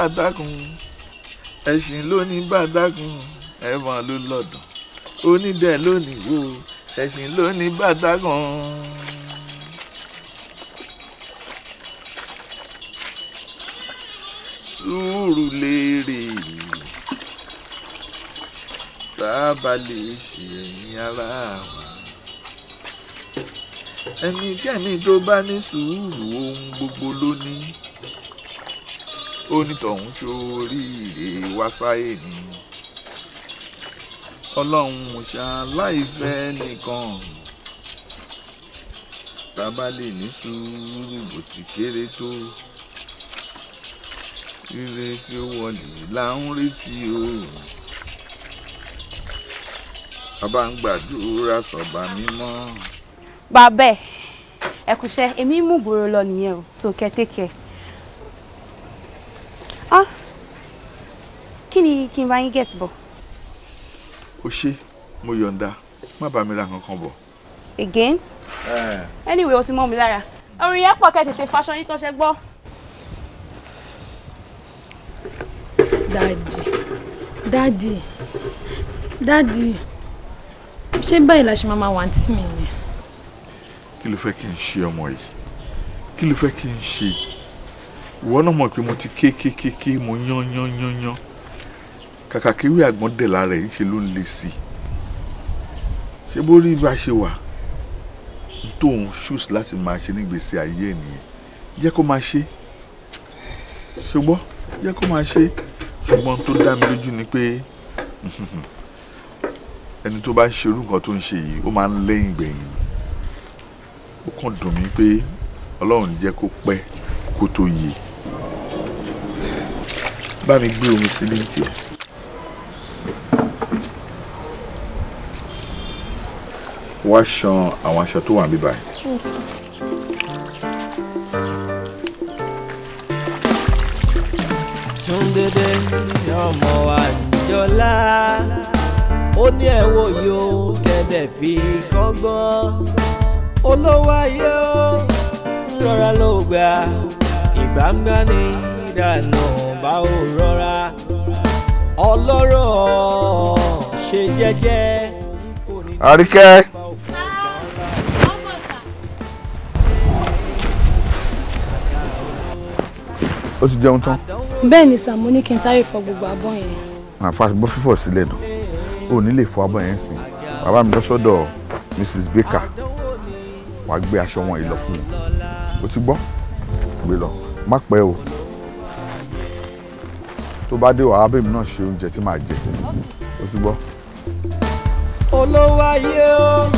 bàtàkùn ẹṣin ló ní bàtàkùn ẹ̀wọ̀n ló lọ́dún onídẹ̀ lónìí o ẹṣin ló ní bàtàkùn. sùúrù léèrè tá a bá lè ṣe ẹ̀yìn ara wa ẹnikẹ́ni tó bá ní sùúrù ohun gbogbo ló onítọ̀hún ṣoríire wá sáyé ni ọlọ́run ṣaláìfẹ́ nìkan tábà lè ní sùúrù bó ti kéré tó rírẹ tí ó wọlé là ń retí o bàbá ń gbàdúrà sọ̀bà mímọ́. bàbá ẹ kúṣẹ́ èmi mú gbòòrò lọ nìyẹn o so kẹ́ ah kí ni kí n bá yín get bọ̀. o ṣe mo yọ̀ǹda má bàa mi ra nǹkan bọ̀. again. Uh. anyway o ti mọ́ mi lára orin yẹn pọ̀ kẹ́ fashion yín tó ṣe gbọ́. dáàdì dáàdì dáàdì ṣé báyìí la ṣe máa máa wà ní tìmí yẹn. kí ló fẹ́ kí n ṣe ọmọ yìí kí ló fẹ́ kí n ṣe ìwọ náà mọ̀ pé mo ti ké ké ké ké mo yán yán yán yán kàkà kéwì àgbọn dẹ̀ lára ẹ̀ ńṣe ló ń le sí i ṣé bó rí bá ṣe wà n tóun ṣùs láti máa ṣe nígbèsè ayé ẹ̀ nìyẹn jẹ́ kó máa ṣe ṣùgbọ́n jẹ́ kó máa ṣe ṣùgbọ́n tó dá mi lójú ni pé ẹni tó bá ń ṣerú nǹkan tó ń ṣe yìí ó máa ń lẹ́yìn gbẹ̀yìn ó kàn dùn mí pé ọlọ́run jẹ́ kó pẹ́ kó tó yé bá mi gbé omi sílé tí ẹ. wá ṣan àwọn aṣọ tó wà níbí báyìí. Túndédé ọmọ àjọlá ó ní ẹ̀wọ̀ yóò kẹ̀dẹ̀ fi kọ́gbọ́n olówó ayé ó rọra ló gbà ìgbàǹgbà ní ìdáná bá ò rọra ọlọ́rọ̀ ṣe jẹ́jẹ́. àríkẹ́. ó ti jẹun tán. bẹ́ẹ̀ ni sà mo ní kí n sáré fọ gbogbo abọ́ yẹn. àfa bọ́ fífọ̀ sílẹ̀ nù ò ní fọ abọ́ yẹn sí bàbá mi lọ Mrs Baker wàá gbé aṣọ wọn yìí lọ fún mi ó ti gbọ́ gbé lọ má pẹ́ o tó bá dé wàá bèmí náà ṣe oúnjẹ tí màá jẹ ó ti gbọ́. olówó ayé ó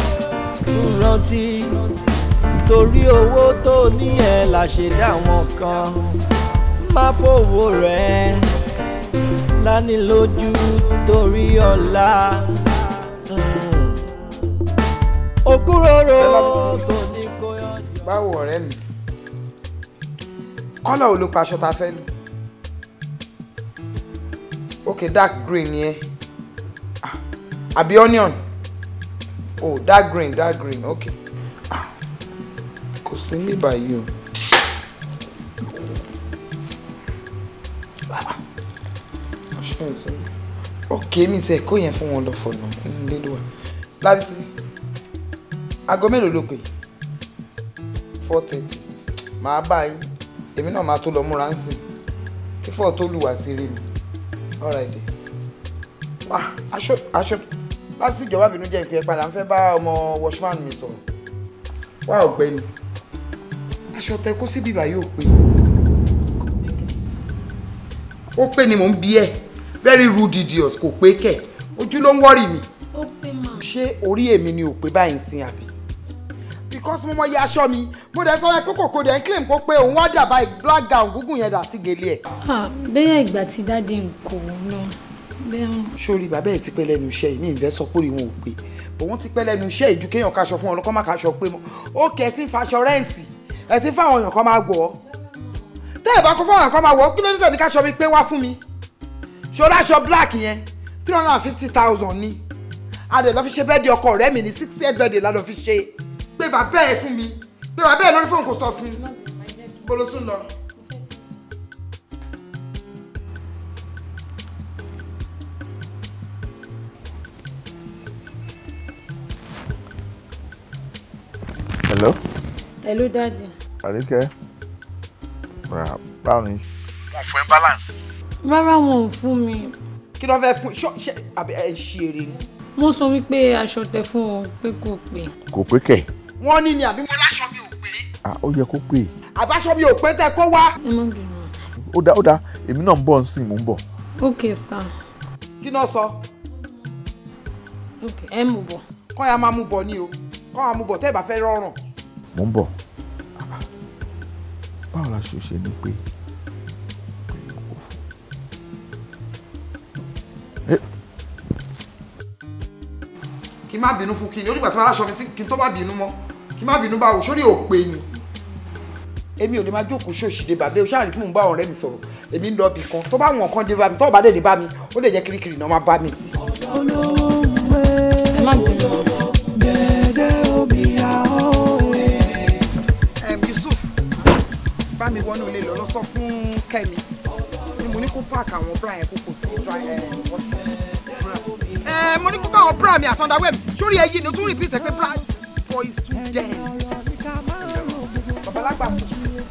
rántí torí owó tó ní ẹ là ṣe dá kan má fowó rẹ lánilójú torí ọ̀la òkúròrò kò ní kó yọ. báwo ọ̀rẹ́ mi kọ́lọ̀ ò ta fẹ́ lù. Okay, dark green yẹn ah àbí onion oh dark green dark green Okay. ah kò sí mi báyìí o. Ah, ah, ok mi tẹ kó yẹn fún wọn lọ fọnà nílé wa lábísí aago mélòó ló pè four thirty màá bá yín èmi náà máa tó lọ múra ń sìn kí fọ́ọ̀ tó lù wá ti rí mi all right ah I should. láti ìjọba bínú jẹ́ ìpè padà ń fẹ́ bá ọmọ washman mi sọ̀rọ̀ wá ọ̀gbẹ́ni aṣọ tẹ kó síbi ìbà yóò pé ó pé ni mò ń bí ẹ very rude idiot kò pé kẹ ojú ló ń wọ́rì mi ṣé orí èmi ni ò pé báyìí ń sin àbí because mo mọ iye aṣọ mi mo dẹ̀ sọ ẹ pé kòkó dẹ̀ ń claim kó pé òun wá dàbá black gown gúngùn yẹn dà sí gèlè ẹ̀. bẹ́ẹ̀ ìgbà tí dáadé ń kó náà bẹ́ẹ̀ wọn. sórí bàbá ẹ̀ ti pẹ́ lẹ́nu iṣẹ́ yìí mi ìfẹ́ sọ pé òun ò pé òun ti pẹ́ lẹ́nu iṣẹ́ ìjú kéèyàn kaṣọ fún ọlọ́kọ́ má kaṣọ pé mọ́ ó kẹ́ ẹ ti ń faṣọ rẹ́ǹtì ẹ ti ń fáwọn èèyàn kan máa gbọ́ tẹ́ ẹ̀ bá kó fáwọn èèyàn kan máa wọ̀ kí ló dé tẹ̀lé káṣọ mi pé wá fún mi ṣòro aṣọ black yẹn three hundred and fifty thousand ni adẹ̀ lọ́ fi ṣe bẹ́ẹ̀ di ọkọ rẹ̀ ní sixty eight birthday la lọ́ fi ṣe pé bàbá ẹ fún mi pé bàbá ẹ lórí fóònù kò sọ fún un bó ló tún lọ. hello. hello dadi. àríkẹ́ báwo ni. wọn fún ẹ balance. rárá wọn ò fún mi. kí ló fẹ́ fún ṣe àbí ẹ ṣe eré ni. mo sọ wípé aṣọ tẹ fún ọ pé kò pé. kò pé kẹ̀ wọ́n ní ni àbí mo láṣọ mi ò pé. ó yẹ kó pè. àbáṣọ mi ò pé tẹ kó wá. ó dá ó dá èmi náà ń bọ̀ nsìn mò ń bọ̀. ok sir. kí náà sọ. ok ẹ mú bọ̀. kọ́ ya máa mú bọ̀ ni o kọ́ ya mú bọ̀ tẹ́ ẹ bá fẹ́ rọrùn. mò ń bọ̀ báwo la ṣe ṣe ni pé. kí n má bínú fún kí ni onígbà tí mo aláṣọ mi kí n tó má bínú mọ́ kí má bínú báwo sórí òpè ni èmi ò lè máa jókòó ṣòṣìdè bàbá oṣù àrùn tí mò ń bá ọ̀rẹ́ mi sọ̀rọ̀ èmi ń lọ́ọ̀bì kan tó bá wọn kan dé bá mi tó bá dé dé bá mi ó lè jẹ́ kirikiri náà máa bá mi sí. wọnú ilé lọ lọ fún Kẹ́mi ni mo ní kó páàkì àwọn bra yẹn kó kò tó dra ẹ wọ́n. mo ní kó káwọn bra mi àtọ́ndáwẹ̀ mi sórí ẹyin ni o tún rìpítẹ̀ pé bra for his students. babalagba kù mi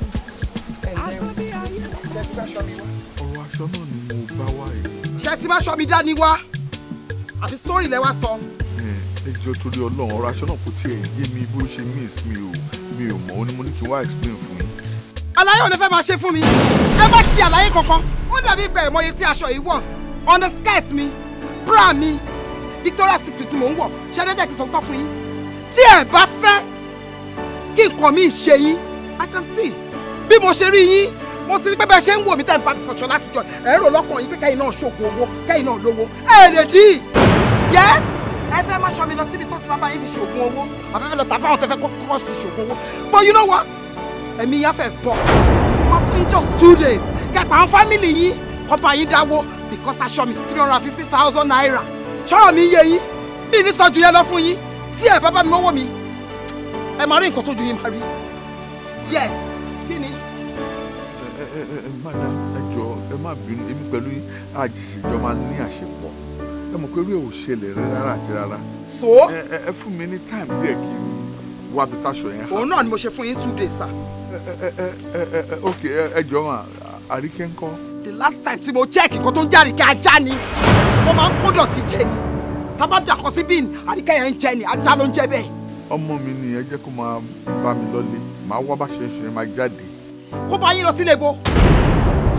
wá. ọ̀rọ̀ wá ẹ̀. ṣe ti sọ. ẹ jọ torí Ọlọ́run ọ̀rọ̀ aṣọ náà kò tiẹ̀ yé mi bó ṣe miss mi o mi ò mọ̀ ó ní mo ní kí n wá explain fún yín. àlàyé òní fẹ́ máa ṣe fún mi ẹ má ṣe àlàyé kankan ó dàbí ìgbà ìmọye tí aṣọ yìí wọ̀ underskirt mi bra mi Victoria's Secret mò ń wọ̀ ṣẹ́ẹ́dẹ́jẹ́ kìí sọ fún yín tí ẹ bá fẹ́ kí nǹkan mi ṣe yín i can see bí mo ṣe rí yín mo ti rí pé bẹ́ẹ̀ ṣe ń wò mí tẹ́ ń bá mi fọṣọ láti jọ ẹ̀rọ lọ́kàn yín pé kẹ́yìn náà ṣògo owó kẹ́yìn náà lówó ẹ̀ lè dì í yes ẹ fẹ́ máa ṣọ mi lọ síbi tó ti máa bá yín fi ṣògùn owó àbẹ́fẹ́ lọ tàbí àwọn tẹ́fẹ́ kọ́kọ́ fi ṣògùn owó but you know what ẹ̀mí yá fẹ́ bọ̀ wọ́n fún mi just two days kẹpà àwọn fámìlì yín kọ́ bá yín dáwó because aṣọ mi three hundred and fifty thousand naira ṣọ́rọ̀ mi yé yín bí ní sọ́jú yẹn lọ fún yín tí ẹ bá bá mi lọ́wọ́ mi ẹ máa rí nǹkan tó ju yín máa rí yes kí ni. ẹ ẹ ẹ madam ẹ jọ ẹ má bínú èmi pẹ̀lú àjèjìjọ máa ní àṣepọ̀ ẹ mọ̀ pé eré ò ṣẹlẹ̀ rẹ rárá àti rárá. so. ẹ eh, eh, ẹ fún mi ní time díẹ̀ kí n wá bí táṣọ yẹn. òun náà ni mo ṣe fún yín two days sir. Eh, ẹ ẹ ẹ ẹ ok ẹ jọ mà àríkẹ́ ńkọ́. the last time tí mo check nǹkan tó ń jáde kí ajá ni mo máa ń kó dọ̀tí jẹ ni tábà dàkọ sí bíi àríkẹ́ yẹn ń jẹ ni ajá ló ń jẹ bẹ́ẹ̀. ọmọ mi ni ẹ jẹ́ kó máa bá mi lọ́lé màá wá bá ṣe é ṣe máa jáde. kó bá yín lọ sílé ibo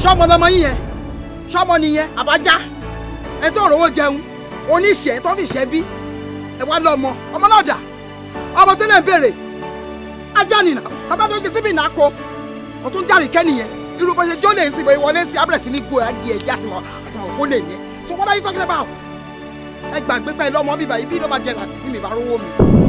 ṣọmọ lọmọ yín yẹn ṣọmọ nìyẹn àbájá ẹ tó rówó jẹun oníṣẹ́ tó fi ṣẹ́ bí ẹ wá lọ́mọ ọmọ náà dà ọmọ tẹ́lẹ̀ ń béèrè ajá nìyà tábà tó ń jẹ síbi ìnáko ó tún dárì kẹ́nìyẹn irú bó ṣe jọ́ lè ń sìnkú ìwọlé sí abẹ́rẹ́ sí ní gbòòrò so what are you talking about? ẹ gbàgbé pẹ́ lọ́mọ bíbá yìí bí ló máa jẹ làtí tí mi bá rówó mi.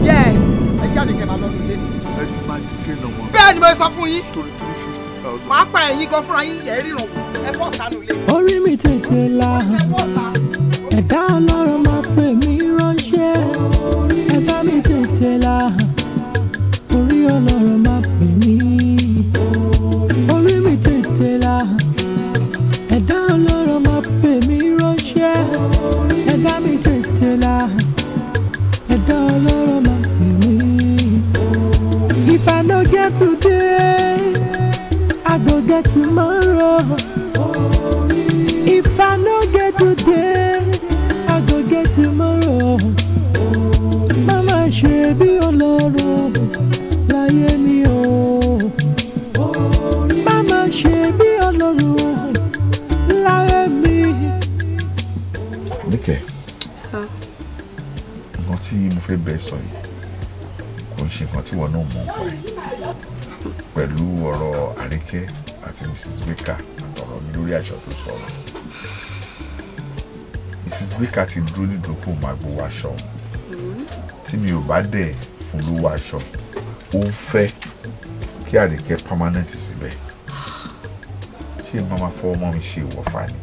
yes ẹ jáde kẹ́ máa lọ nílé mi. ẹ ti máa di tẹ́ lọ́wọ́. bẹ́ẹ̀ ni mo sọ fún yín. torí three fifty thousand. máa pa ẹ̀yin gan fúnra yín ẹ̀ ríran ẹ bọ́ sánú ilé. orí mi tètè la ẹ̀dá ọlọ́run máa pè mí ránṣẹ́ ẹ̀dá mi tètè la orí ọlọ́run máa. bá If I no get today, I go get tomorrow. If I no get today, I go get tomorrow. Má má ṣe bí ọlọ́rọ̀ láyé mi. tí mo fẹ́ bẹ sọ yìí kò ń ṣe nǹkan tí wọn náà mọ̀ nípa ẹ̀ pẹ̀lú ọ̀rọ̀ àríkẹ́ àti mrs baker àtọ̀rọ̀ mi lórí aṣọ tó sọ̀rọ̀ mrs baker ti dúró nídòókò máa gbowó aṣọ tí mi ò bá dẹ̀ fún lówó aṣọ ó ń fẹ́ kí àríkẹ́ permanent síbẹ̀ ṣé màmá fọwọ́ mọ́ mi ṣe ìwọ̀fà ni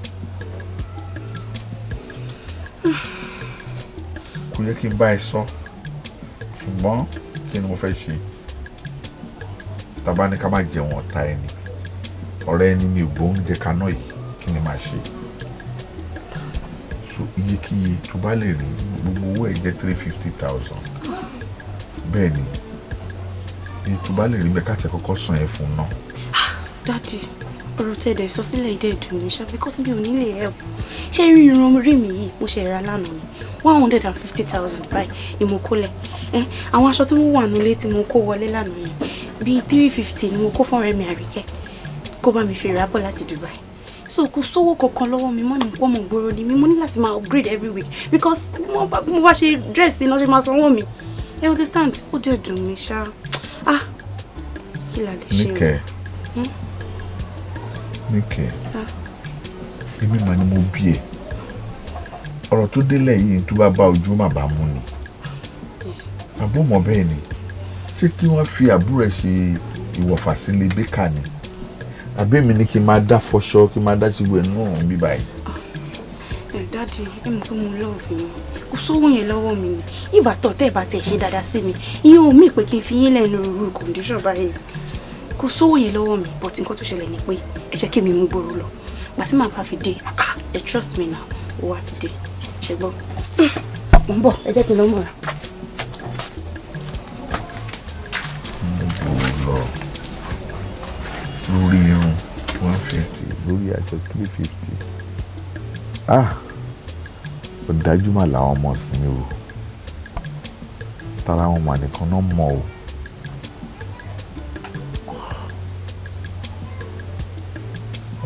kò yẹ kí n bá ẹ sọ ṣùgbọ́n kí ni mo fẹ́ ṣe tàbá ni ká má jẹun ọ̀tá ẹni ọ̀rẹ́ ẹni ni ògbó oúnjẹ kaná yìí kí ni màá ṣe so iyekíye tó bá lè rí gbogbo owó ẹ̀ jẹ́ three fifty thousand bẹ́ẹ̀ ni iye tó bá lè rí bẹ́ẹ̀ káàtì kọ́kọ́ san ẹ̀ fún náà. Ah, dadi ọ̀rọ̀ tẹ́ dẹ̀ sọ sílẹ̀ ìdẹ́ ìdùnnú ṣá because mi ò nílé help ṣé rí irun rí mi yìí mo ṣe ra lánàá ni one hundred and fifty thousand báyìí ni mo kó lẹ̀ ẹ́ àwọn aṣọ tí wọ́n wà nílé tí mo kó wọlé lánàá yẹn bíi three fifty ni mo kó fún ọ̀rẹ́ mi àríkẹ́ kó bá mi fi rà bọ̀ láti Dubai so kò sówó kankan lọ́wọ́ mi mọ́ mi pọ́ mọ̀ gbòòrò ni mi mo ní láti máa upgrade every week because mo bá ṣe dress iná ṣe máa sanwó mi You understand ó dẹ̀ dùn mí ṣá ah kí la lè ṣe o. Níkẹ́ hmm? Níkẹ́ èmi mà ni mo bí ẹ ọ̀rọ̀ tó délẹ̀ yìí tó bá ba ojú mà bá mú ni àbó mọ̀ bẹ́ẹ̀ ni ṣé kí wọ́n fi àbúrò ẹ̀ ṣe ìwọ̀fà sílé bíkà ni àbẹ́mi ni kí n máa dá fọṣọ kí n máa dá tìgbẹ́ náà bí báyìí. ẹ dáàdi ẹ mọ̀ pé mo lọ́ọ̀bù yín kò sówó yẹn lọ́wọ́ mi ni ìgbà tó tẹ́ bá tiẹ̀ ṣe dáadáa sí mi ìyẹn ò mí pé kí n fi yín lẹ́nu rúru kọ̀ǹdíṣọ̀n báyìí kò sówó yẹn lọ́wọ́ mi but nǹkan tó ṣẹlẹ̀ ni pé ẹ jẹ́ kí mi mú gbòòrò lọ màsí màá bá fi dé ah, ẹ trust me now owó àti dé ṣùgbọ́n ń bọ̀ ẹ jẹ́ kí n lọ mọ̀ra. mo lọ lórí irun one fifty lórí àjọ three fifty ah ọ̀dájú mà làwọn ọmọ sinmi o tara wọn mà nìkan náà mọ̀ o.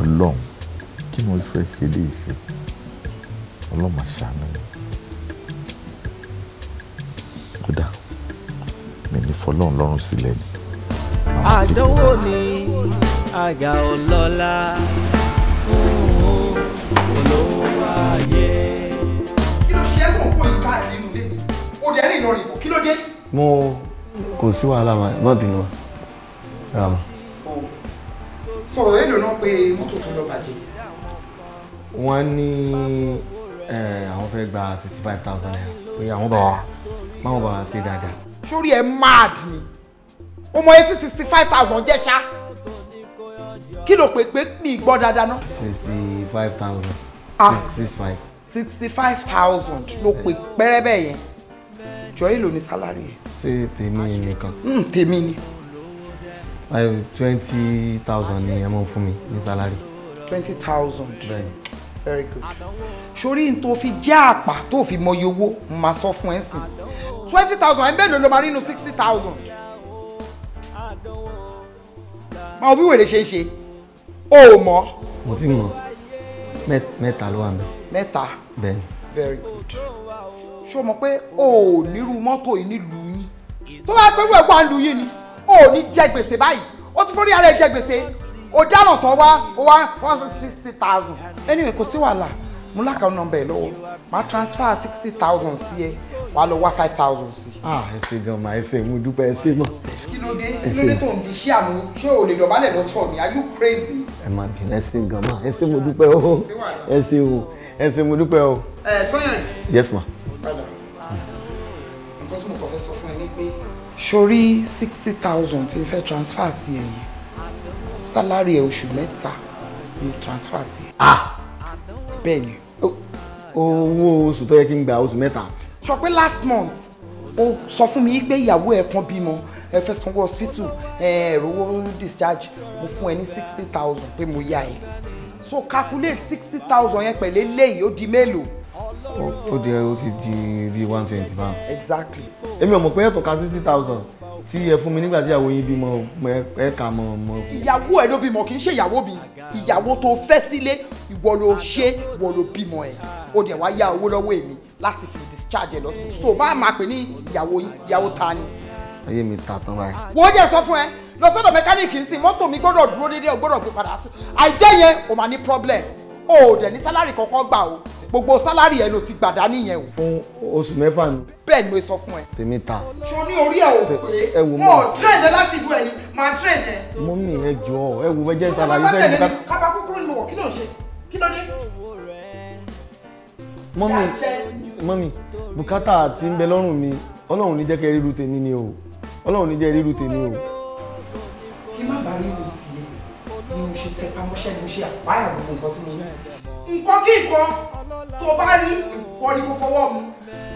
ọlọ́run kí ni mo fẹ́ ṣe léyìí ọlọ́run máa ṣàánú mi kódà mi ní fọlọ́run lọ́rùn sílẹ̀ ni. àdánwò ni àga ọlọ́lá olówó ayé. kí ló ṣe é tó ń kó ìka nínú ilé mo kò sí wàhálà mà má bínú wa rà mà. sọ̀rọ̀ èlò náà pé mọ́tò tó lọ bàjẹ́. wọ́n ní àwọn fẹ́ gba sixty five thousand naira bóyá àwọn bá wa báwọn bá wa ṣe dáadáa. sórí ẹ mad ni ọmọ etí sixty five thousand jẹ́ ṣá kí ló pè pé mi gbọ́ dáadáa ná. sixty five thousand. ah six five. sixty five thousand ló pè eh. pẹ́rẹ́bẹ̀ yẹn jọ èlò ní sálárì yẹn. ṣé tèmi nìkan. Hmm, tèmi ni. twenty thousand ni ẹ mọ̀ fún mi ní sálárì. twenty thousand. bẹ́ẹ̀ni very good sórí n tó fi jẹ́ àpà tó fi mọyì owó n máa sọ fún ẹ sìn twenty thousand ẹ mélòó ló máa rí inú sixty thousand ma òbí wèrè ṣe ń ṣe o ò mọ. mo ti mọ mẹ́ta ló wà mí. mẹ́ta bẹ́ẹ̀ni very good ṣé o mọ̀ pé o ò nírú mọ́tò yìí nílùú yín tó bá gbẹ́rù ẹ̀ wá ń lu yín ni o ò ní jẹ gbèsè báyìí o ti forí ara ẹ̀ jẹ gbèsè ọ̀daràn tó wá ó wá one sixty thousand anyway kò sí wàhálà mo lákàánú nọ́mbà ẹ lọ́wọ́ máa transfer sixty thousand sí ẹ wàá lọ wá five thousand sí. ah ẹ ṣe gan ma ẹ mo dúpẹ́ ẹ ṣe mọ. kí ló dé kí ló dé tó ń di iṣẹ́ àmú ṣé o lè dọ̀bálẹ̀ lọ́tọ̀ ni are you crazy. ẹ má bínú ẹ ṣe gan ma ẹ ṣe mo dúpẹ́ o ẹ ṣe o ẹ ṣe mo dúpẹ́ o. ẹ sọyàn. yes ma. nǹkan tí mo kọ́ fẹ́ sọ fún ẹ ni pé sórí sixty thousand tí n fẹ́ transfer sí ẹ̀yìn sálárì ẹ̀ oṣù mẹ́ta ni transfer sí. Ah! bẹ́ẹ̀ ni. owó oṣù tó yẹ kí n gba oṣù mẹ́ta. sọ pé last month o sọ fún mi pé ìyàwó ẹ̀ kan bímọ ẹ fẹ́ sanwó hospital ẹ rówó discharge mo fún ẹ ní sixty thousand pé mo yá ẹ so calculate sixty thousand yẹn pẹ̀lú eléyìí ó di mélòó. ó di ó ti di bíi one twenty pound. exactly. èmi ò mọ̀ pé yóò tó ka sixty thousand tí ẹ fún mi nígbà tí ìyàwó yín bímọ ẹ kà mọ mọ. ìyàwó ẹ ló bímọ kì í ṣe ìyàwó mi ìyàwó tó fẹ́ sílé ìwọ ló ṣe ìwọ ló bímọ ẹ ó dẹ̀ wá yá owó lọ́wọ́ èmi láti fi discharge ẹ lọ sí so bá a máa pè ní ìyàwó yín ìyàwó ta ni. ayé mi ta tán báyìí. wo jẹ́ sọ fún ẹ lọ sọ́dọ̀ mẹkáníìkì ń sìn mọ́tò mi gbọ́dọ̀ dúró déédéé o gbọ́dọ̀ gbé padà àìjẹ́ yẹn o máa ní problem o ò dẹ̀ ní sálárì kankan gbà o gbogbo sálárì ẹ̀ ló ti gbàdá nìyẹn o. fún oṣù mẹ́fà ni. bẹ́ẹ̀ ni mo sọ fún ẹ. tèmi ta. sọ ní orí ẹ ò pé mo ò tírẹ̀dẹ̀ láti ìlú ẹ ni màá tírẹ̀dẹ̀. mú mi ẹ jọ ẹ wo bẹ jẹ sàlàyé sẹ́yìn nípa. kábà kúkúrú ni mo wọ̀ kí ló ń ṣe kí ló dé. mọ́mì mọ́mì bùkátà ti ń bẹ lọ́rùn mi ọlọ́run ní jẹ́ kẹ́ ríru tèmi ni o ọlọ́run ní jẹ́ ríru tèmi o. pààyàn gbogbo nǹkan tí mo ní. nǹkan kí nǹkan tó bá rí ìwọ ni kò fọwọ́ mu.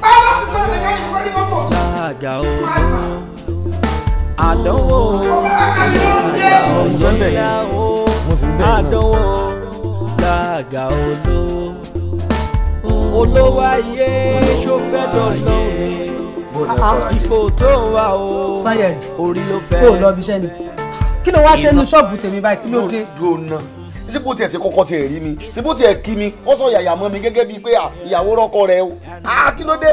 máa bá sísọ lọ mẹkáníkì kúrò ní mọ́tò. láàgà o àdánwò ìyá o àdánwò láàgà olówó olówó ayé ṣọfẹ́ dandan ni ipò tó wà o orí ló fẹ́. kó o lọ bí iṣẹ́ ni kí ló wá ṣe nu ṣọ́ọ̀bù tèmi báyìí kí ló dé síbò tiẹ̀ ti kọ́kọ́ tiẹ̀ rí mi síbò tiẹ̀ kí mi wọ́n sọ yàyà mọ́ mi gẹ́gẹ́ bíi pé ah, ìyàwó rọ́kọ rẹ o ah kí ló dé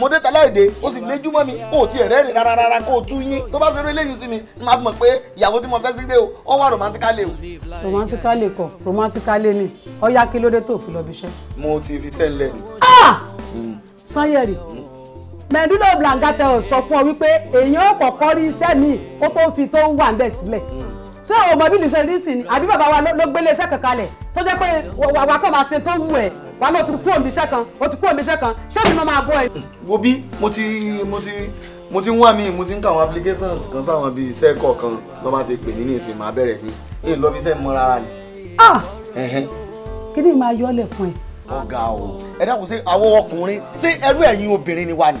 mo dé tala èdè ó sì léjú mọ́ mi kó o tiẹ̀ rẹ́rìn rárá rárá kó o tú yín tó bá ṣe eré lẹ́yìn sí mi máa mọ̀ pé ìyàwó tí mo fẹ́ sí dé o ó wà romanticale o. romanticale kọ romanticale ni ọyá kí ló dé tó fi lọ bí iṣẹ́. mo ti fi sẹ́ńlẹ̀ ni. Ah! Hmm. sanyẹ̀rì hmm. mẹ́ẹ̀dúnlọ́ blangate sọ fún ọ wípé èèyàn ò rí iṣẹ́ mi kó tó fi tó ń wà ń bẹ̀ sílẹ̀. Mm ṣé o mọ bí lùsẹ̀ rísì ni àbí bàbá wa ló gbélé iṣẹ́ kan kalẹ̀ tó jẹ́ pé wà á kàn máa ṣe tó wù ẹ̀ wà á lọ ti kú òmìṣẹ́ kan o ti kú òmìṣẹ́ kan ṣé mi náà máa bọ́ ẹ. wo bí mo ti mo ti mo ti ń wá mi mo ti ń ka àwọn applications kan sáwọn bíi iṣẹ́ kọ̀ọ̀kan lọ́ bá ti pè mí ní ìsìn máa bẹ̀rẹ̀ ní èyí lọ́ fi iṣẹ́ mọ́ rárá ni. Ah! kí ni màá yọ ọ́ lẹ̀ fún ẹ. ọ̀gá o ẹ dákun ṣe àwọn ọkùnrin ṣé ẹrú ẹ̀yin obìnrin ni wà ní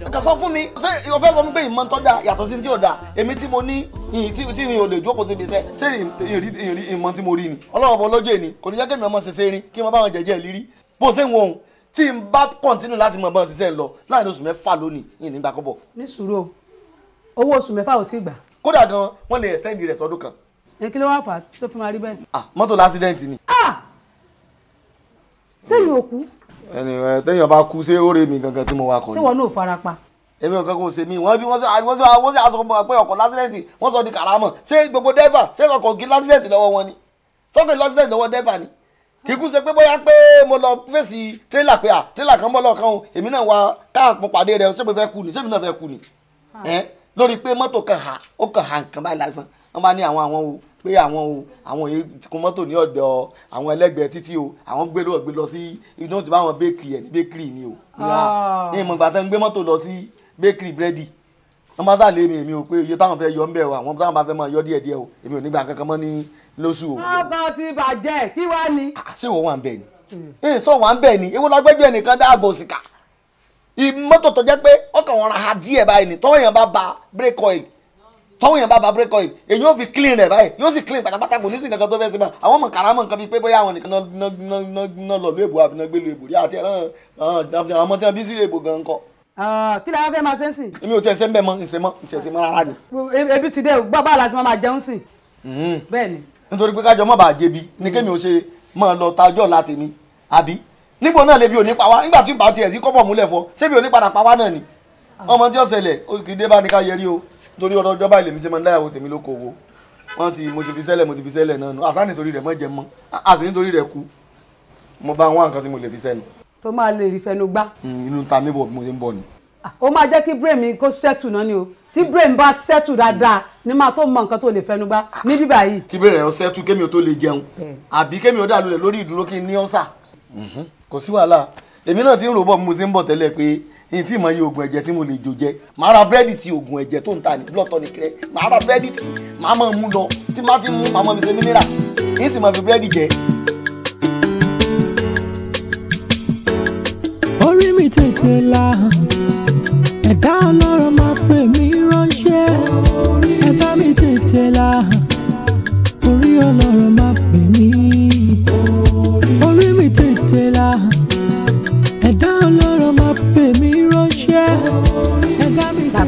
nǹkan sọ fún mi ṣé ìwọ fẹ́ sọ fún pé ìmọ̀ ń tọ́jà yàtọ̀ sí ti ò dà èmi tí mo ní ìyìn tí tí mi ò lè jókòó síbi iṣẹ́ ṣé ìrí ìmọ̀ tí mo rí ni ọlọ́wọ́ bọ lọ́jọ́ èní kò ní jẹ́ kí mi ọmọ ṣẹṣẹ rin kí mo bá wọn jẹjẹ lírí bó ṣe ń wo ohun tí n bá kọ̀ntínú láti mọ̀ ọmọ ṣiṣẹ́ lọ láàrin oṣù mẹ́fà lónìí ìyìn nígbà kọ́bọ̀. ní sùúrù owó oṣù mẹ́fà ò tí ì gbà. kódà gan wọ́n lè extend rẹ̀ sọ́dún kan. ẹ kí ló wá fà á tó fi máa rí bẹ́ẹ̀. Ah, mọ́tò lásìdẹ́ǹtì ni. Ah! ṣé mi ò kú ẹnìyàn téèyàn bá kú ṣé ó rè mí gangan tí mo wà kọ ni. ṣé wọn náà fara pa. èmi nǹkan kò ṣe mí wọ́n fi wọ́n ṣe àwọn wọ́n ṣe aṣọ pé ọkọ̀ lásìlẹ̀tì wọ́n sọ di kàràmọ̀ ṣé gbogbo dẹ́fà ṣé ọkọ̀ kí lásìlẹ̀tì lọ́wọ́ wọn ni sọ́kè lásìlẹ̀tì lọ́wọ́ dẹ́fà ni. kíkú ṣe pé bóyá pé mo lọ fèsì tírélà pé à tírélà kan bọ́ lọ́ọ̀kan o èmi náà wá káàpọ̀ pàdé rẹ ṣé mo fẹ́ kú ni ṣé mi pé àwọn o àwọn èyí ti kun mọ́tò ní ọ̀dọ̀ àwọn ẹlẹ́gbẹ̀ẹ́ títí o àwọn gbé lọ́wọ́ gbé lọ sí ibi tí wọ́n ti bá àwọn bẹ́ẹ̀kì ẹ̀ ní bẹ́ẹ̀kì ni o. Ah. ní ìmọ̀ ìgbà tó ń gbé mọ́tò lọ sí bẹ́ẹ̀kì búrẹ́dì wọ́n lé mi èmi o pé iye táwọn fẹ́ yọ ń bẹ̀ o àwọn táwọn bá fẹ́ máa yọ díẹ̀ díẹ̀ o èmi ò ní kankan mọ́ ní lóṣù o. ọkọ ti bàjẹ́ kí wàá ní. Ah, ah, ṣé ìwọ wà ń bẹ̀ ni. ee sọ wà ń bẹ̀ ni ewu lágbẹ́jọ́ ẹnìkan dáàbò síkà. mọ́tò tó jẹ́ pé ọkàn wọn ra ha díẹ̀ báyìí ni tọ́wọ́ èèyàn bá ba brake oil tọ́wọ́ yẹn bá ba break oil èyí yóò fi clean rẹ̀ báyìí yóò sì clean pátápátá kò ní sí nǹkan tó fẹ́ sí ma àwọn ọmọ karamọ́ nǹkan bíi pé bóyá àwọn nìkan náà lọ lu èbò àbí náà gbé lu èbò rí àti ẹ̀rọ àwọn ọmọ tí wọn bí sí lu èbò gan kọ. kí ni a fẹ́ máa ṣe ń sìn. èmi ò tiẹ̀ ṣe ń bẹ̀ mọ́ ǹṣe mọ́ ǹṣe ṣe mọ́ rárá ni. ebi ti dé gbọ́ bá láti máa jẹun sìn. Hmm. bẹ́ẹ̀ ni. nítorí pé kájọ mọ̀ bá jẹbi ni kémi ò ṣe máa lọ tajọ́ láti mi àbí níbo náà lè bi òní pa wá nígbà tí bá tiẹ̀ sí kọ́pọ̀ múlẹ̀ fọ ṣé bí òní padà pa wá náà ni ah. ọmọ tí ó ṣẹlẹ̀ olùkídé bá ní ká yẹrí o nítorí ọ̀dọ̀ ìjọba ilé mi ṣe máa ń dáyàwó tèmi lóko owó wọ́n ti mo ti fi sẹ́lẹ̀ mo ti fi sẹ́lẹ̀ náà nù àṣà nítorí rẹ̀ mọ́ jẹ mọ́ àṣì nítorí rẹ̀ kú mo bá wọn nǹkan tí mo lè fi sẹ́nu. tó máa lè rí fẹnu gbá. Hmm, inú ta mi bọ̀ mo ṣe ń bọ̀ ni. Ah, ó máa jẹ́ kí brain mi kó ṣẹ́tù náà ni o tí brain bá ṣẹ́tù dáadáa ni máa tó mọ nǹkan tó lè fẹnu gbá ní bíbá yìí. kí brain rẹ̀ ọ ṣẹ́tù kémi ò tó lè jẹun àbí kémi ò dàlú rẹ̀ lórí ìdúró kí n ní ọ́sà hmm, kò sí wàhálà èmi náà ti ń rò mo ṣe ń bọ̀ tẹ́lẹ̀ pé n tí mo yí oògùn ẹ̀jẹ̀ tí mo lè jò jẹ màá ra búrẹ́dì tí oògùn ẹ̀jẹ̀ tó ń ta ní blood tonic rẹ màá ra búrẹ́dì tí màá máa mú lọ tí màá ti mú màá máa fi ṣe mínírà n sì máa fi búrẹ́dì jẹ. orí mi tètè la ẹ̀dá ọlọ́run máa pè mí ránṣẹ́ ẹ̀dá mi tètè la orí ọlọ́run máa pè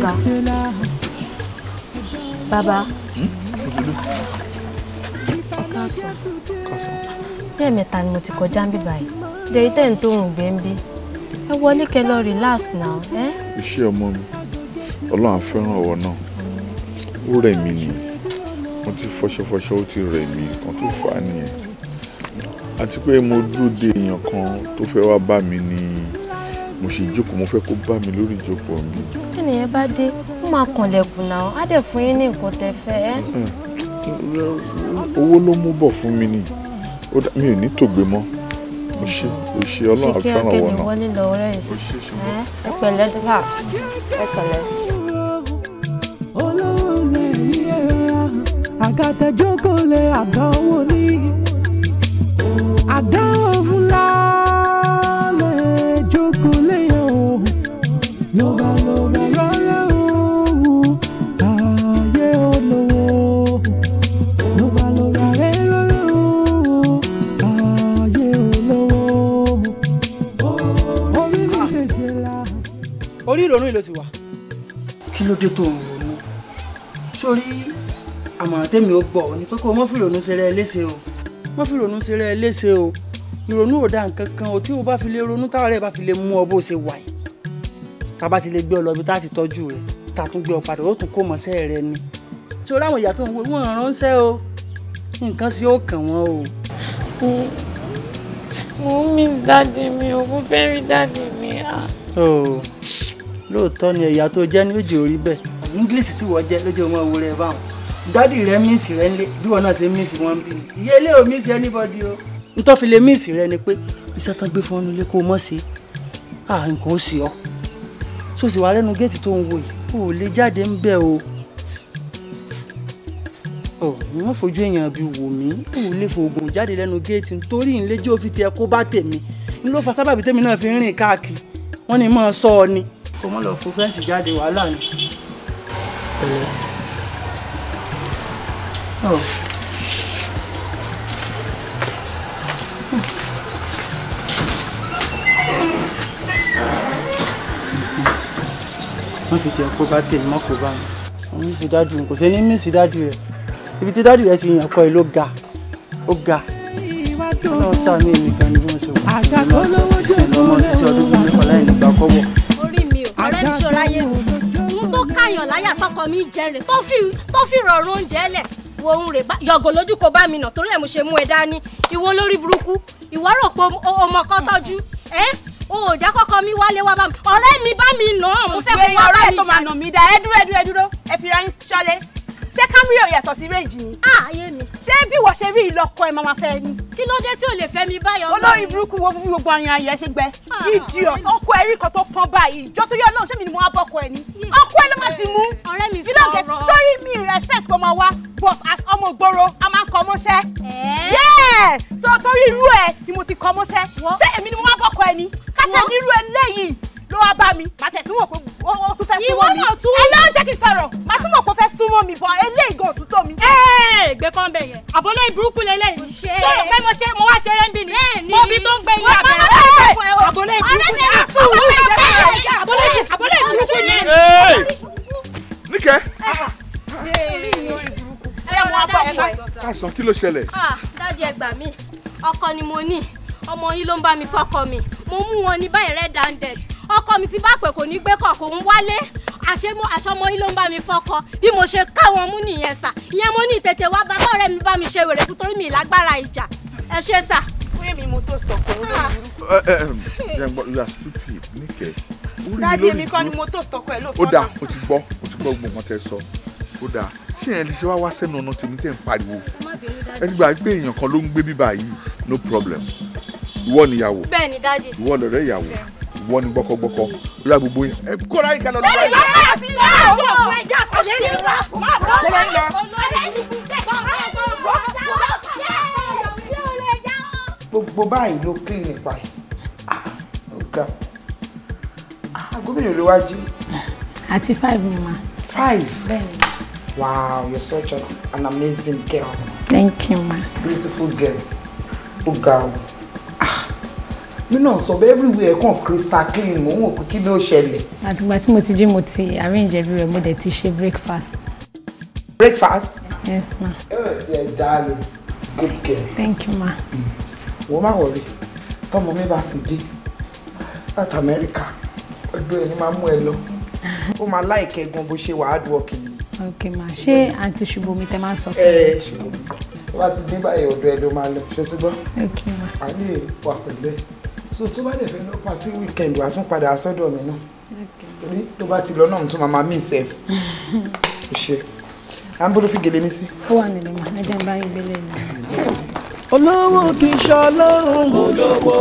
Baba. Baba. Bẹ́ẹ̀ mẹ́ta ni mo ti kọjá ń bí báyìí. Dèyí tẹ̀ ń tó òun gbé ń bí. Ẹ wọlé kẹ lọ relax now. Iṣẹ́ ọmọ mi, Ọlọ́run á fẹ́ràn ọwọ́ náà. Ó rẹ̀ mí ni. Mo ti fọṣọfọṣọ ó ti rẹ̀ mí. Kan tó fà á nìyẹn. Àti pé mo dúró de èèyàn kan tó fẹ́ wá bá mi Ni mo ṣe ìjókòó mo fẹ́ kó bá mi lórí ìjókòó mi. ènìyàn bá dé ó máa kànlẹ̀kùn náà á dẹ̀ fún yín ní nǹkan tẹ́ fẹ́. owó ló mú bọ̀ fún mi ni mi ò ní tògbé mọ́ o ṣe o ṣe ọlọ́run àfẹ́ràn wọn náà. o kí ẹ kẹ́ni wọ́n nílò rẹ́ẹ̀sì ẹ àgàtẹ̀jókòó lè àdánwò ní àdánwò. ìrònú yìí ló sì wà. kí ló dé tó ń ronú sórí àmọ̀ràn tèmi ò gbọ́ ni pé kó o mọ́ fìrònú ṣeré léṣe o mọ́ fìrònú ṣeré léṣe o ìrònú ò dá nǹkan kan o tí o bá fi lè ronú táwọn rẹ̀ bá fi lè mú ọ bó ṣe wà yìí tá a bá ti lè gbé ọ lọ ibi tá a ti tọ́jú rẹ̀ tá a tún gbé ọ padà ó tún kó mọ̀ọ́sẹ́ rẹ ni tí o láwọn ìyá tó ń wo wọn ránṣẹ́ o nǹkan sí ó kàn wọ́n o. mo miss dáàdi mi o mo fẹ́ rí dáàdi mi. Ah lóòótọ́ ni ẹ̀yà tó jẹ́ ní òjò orí bẹ́ẹ̀ english tí wọ́n jẹ́ lójú ọmọ òwúrẹ́ báwọn dádì rẹ míìsì rẹ nílé bí wọn náà ṣe míìsì wọn bí mi ìyá ilé ò míìsì anybody o. n tó fi lè míìsì rẹ ni pé iṣẹ́ tó gbé fún ọ nílé kó o mọ̀ sí à nǹkan ó sì ọ́ tó sì wá rẹ́nu géètì tó ń wò yìí kó o lè jáde ń bẹ̀ o. ọ wọn fojú èèyàn bí wò mí kó o lè fògùn jáde lẹ́nu géètì nítorí ìlẹ́jọ́ fi tiẹ̀ kó bá tèmi n ló fa sábàbí tèmi náà fi ń rìn káàkiri wọ́n ní mọ́ ọ sọ ọ ni kò mọ lọ fún fẹ́ǹsì jáde wàhálà ni. wọ́n fi tiẹ̀ kó bá tèmi mọ́ kó bá mi wọ́n mí sí dájú kò sẹ́ni mí sí dájú rẹ̀ ibi tí dájú rẹ̀ ti yàn kọ́ ẹ ló ga ó ga náà sàmì èmi kan ní wọ́n ṣe wà ṣiṣẹ́ ọdún kúndé kọ́lá ẹ̀ nígbà kọ́wọ́ ọ̀rẹ́ mi ṣòráyé ohun tó káyàn láyà tọkọ mi jẹrè tó fi tó fi rọrùn oúnjẹ lẹ̀ wo ohun rè yọ̀gò lójú kò bá mi nà torí ẹ̀ mo ṣe mú ẹ dání ìwọ lórí burúkú ìwọ rò pé ọmọ kan tọ́jú ẹ́ o ò jẹ́ kọ́kọ́ mi wálé wá bá mi ọ̀rẹ́ mi bá mi nà mo fẹ́ kó wá bá mi jà ọ̀rẹ́ mi dá ẹ dúró ẹ dúró ẹ dúró ẹ fi yín ṣọlẹ̀ ṣé Camry ò yàtọ̀ sí rèjì ni. Ah, ṣé bí wọ́n ṣe rí ìlọ́kọ ẹ̀ máa fẹ́ ni kí ló dé tí o lè fẹ́ mi báyọ̀ náà. olórí burúkú wo gbogbo àyàn àyẹ̀ ṣe gbẹ ìdí ah. ọkọ ẹrí kan tó pọn báyìí ìjọ tó yọ Ọlọ́run ṣé mi ni mo wá bọkọ ẹ ni ọkọ ẹ ló má ti mú. ọ̀rẹ́ mi sọ̀rọ̀ sórí mi respect kò máa wá but as ọmọ gbòòrò a máa ń kọ mọ́ṣẹ́. yẹ́ẹ̀ sọ torí irú ẹ ni mo ti kọ mọ́ṣẹ́ ṣé èmi ni mo wá bọkọ ẹ ni kátà nírú ẹ lẹ́yìn ló wá bá mi màá tẹ̀ tún wò pé ó tún fẹ́ súnmọ́ mi ìwọ náà tún ẹ lọ́ọ́ jẹ́ kí n sọ̀rọ̀ màá tún wò pé ó fẹ́ súnmọ́ mi bọ̀ eléyìí gan òtútọ́ mi. ẹ ẹ gbé kan bẹ yẹn àbọ̀lọ́ ìburúkú lélẹ́yìn tó rò pé mo ṣe mo wá ṣe rẹ́ńbì ni mo bí tó ń gbẹ yín abẹ́rẹ́ àbọ̀lọ́ ìburúkú ni àbọ̀lọ́ ìburúkú ni. níkẹ́ ẹ wọ abọ́ ọ̀pọ̀ ẹ̀ ká sọ kí ló ṣẹlẹ̀. Ah, dájú ẹgbàá mi ọkọ ni mo ní ọmọ yín ló ń bá mi fọkọ mi mo mú wọn ní báyìí red handed ọkọ mi ti bá pè kò ní gbé kọ kò ń wálé àṣemọ àṣọmọ yín ló ń bá mi fọkọ bí mo ṣe káwọn mú nìyẹn sà ìyẹn mo ní ìtètè wá bá kọ́rẹ́ mi bá mi ṣe wèrè fún torí mi lágbára ìjà ẹ ṣe sà. fúyẹ́ mi mo tó sọ pé ó lórí. Ah. Eh, eh, um, you are stupid níkẹ́. dájú èmi kọ́ ni mo tó sọkọ ẹ̀ lóòótọ́ náà. ó dáa o ti gbọ́ o ti gbọ́ gbogbo nǹkan tẹ́ sọ ó ẹ lè ṣe wá wá sẹ́nu ọ̀nà tèmi tẹ́ ń pariwo ẹ ti gbà gbé èèyàn kan ló ń gbé bíbá yìí no problem. Mm -hmm ìwọ níyàwó bẹ́ẹ̀ ni dájì ìwọ lọ̀rẹ́ ìyàwó ìwọ ni gbọ́kọ́gbọ́kọ́ lórí àgbègbè yẹn ẹ kóra yín kalẹ̀ lọ́wọ́ yín. kóra yín lọ. gbogbo báyìí ló clean nípa yìí ah, ọ̀gá ah, gómìnà ló wá jí. àti five ni ma. five. bẹ́ẹ̀ni. wow you're such an amazing girl. thank you ma. beautiful girl. ó ga o mi náà sọ bẹ́ẹ̀ everywhere kàn crystal clean mò ń wò pé kí ló ṣẹlẹ̀. àtìgbà tí mo ti jí mo ti arrange everywhere mo dẹ̀ ti ṣe breakfast. breakfast. yes ma. ẹ dáre good girl. thank you ma. wọ́n má wọlé tọmọ mi bá ti dé láti amẹ́ríkà ọdún ẹni máa mú ẹ lọ ó máa láìkẹ́ gan bó ṣe wàá dùn ọkì yìí. ok ma ṣé àǹtí ṣubomi tẹ máa ń sọ fún mi. ẹ ṣubomi tó bá ti dé báyìí ọ̀dọ̀ ẹ ló máa lọ ṣe sí gbọ́. ok ma. àlè wà pẹ̀lú ẹ so tó bá dẹ̀ fẹ́ lọ pàtí weekend wà tún padà sọ́dọ̀ mi náà torí tó bá ti lọ náà tún màmá mi sẹ́ ò ṣe à ń bọ́dọ̀ fi gèlè mi sí. ó wà nínú mọ ẹjẹ ń bá yín gbélé mi. olówó kì í ṣe ọlọ́run olówó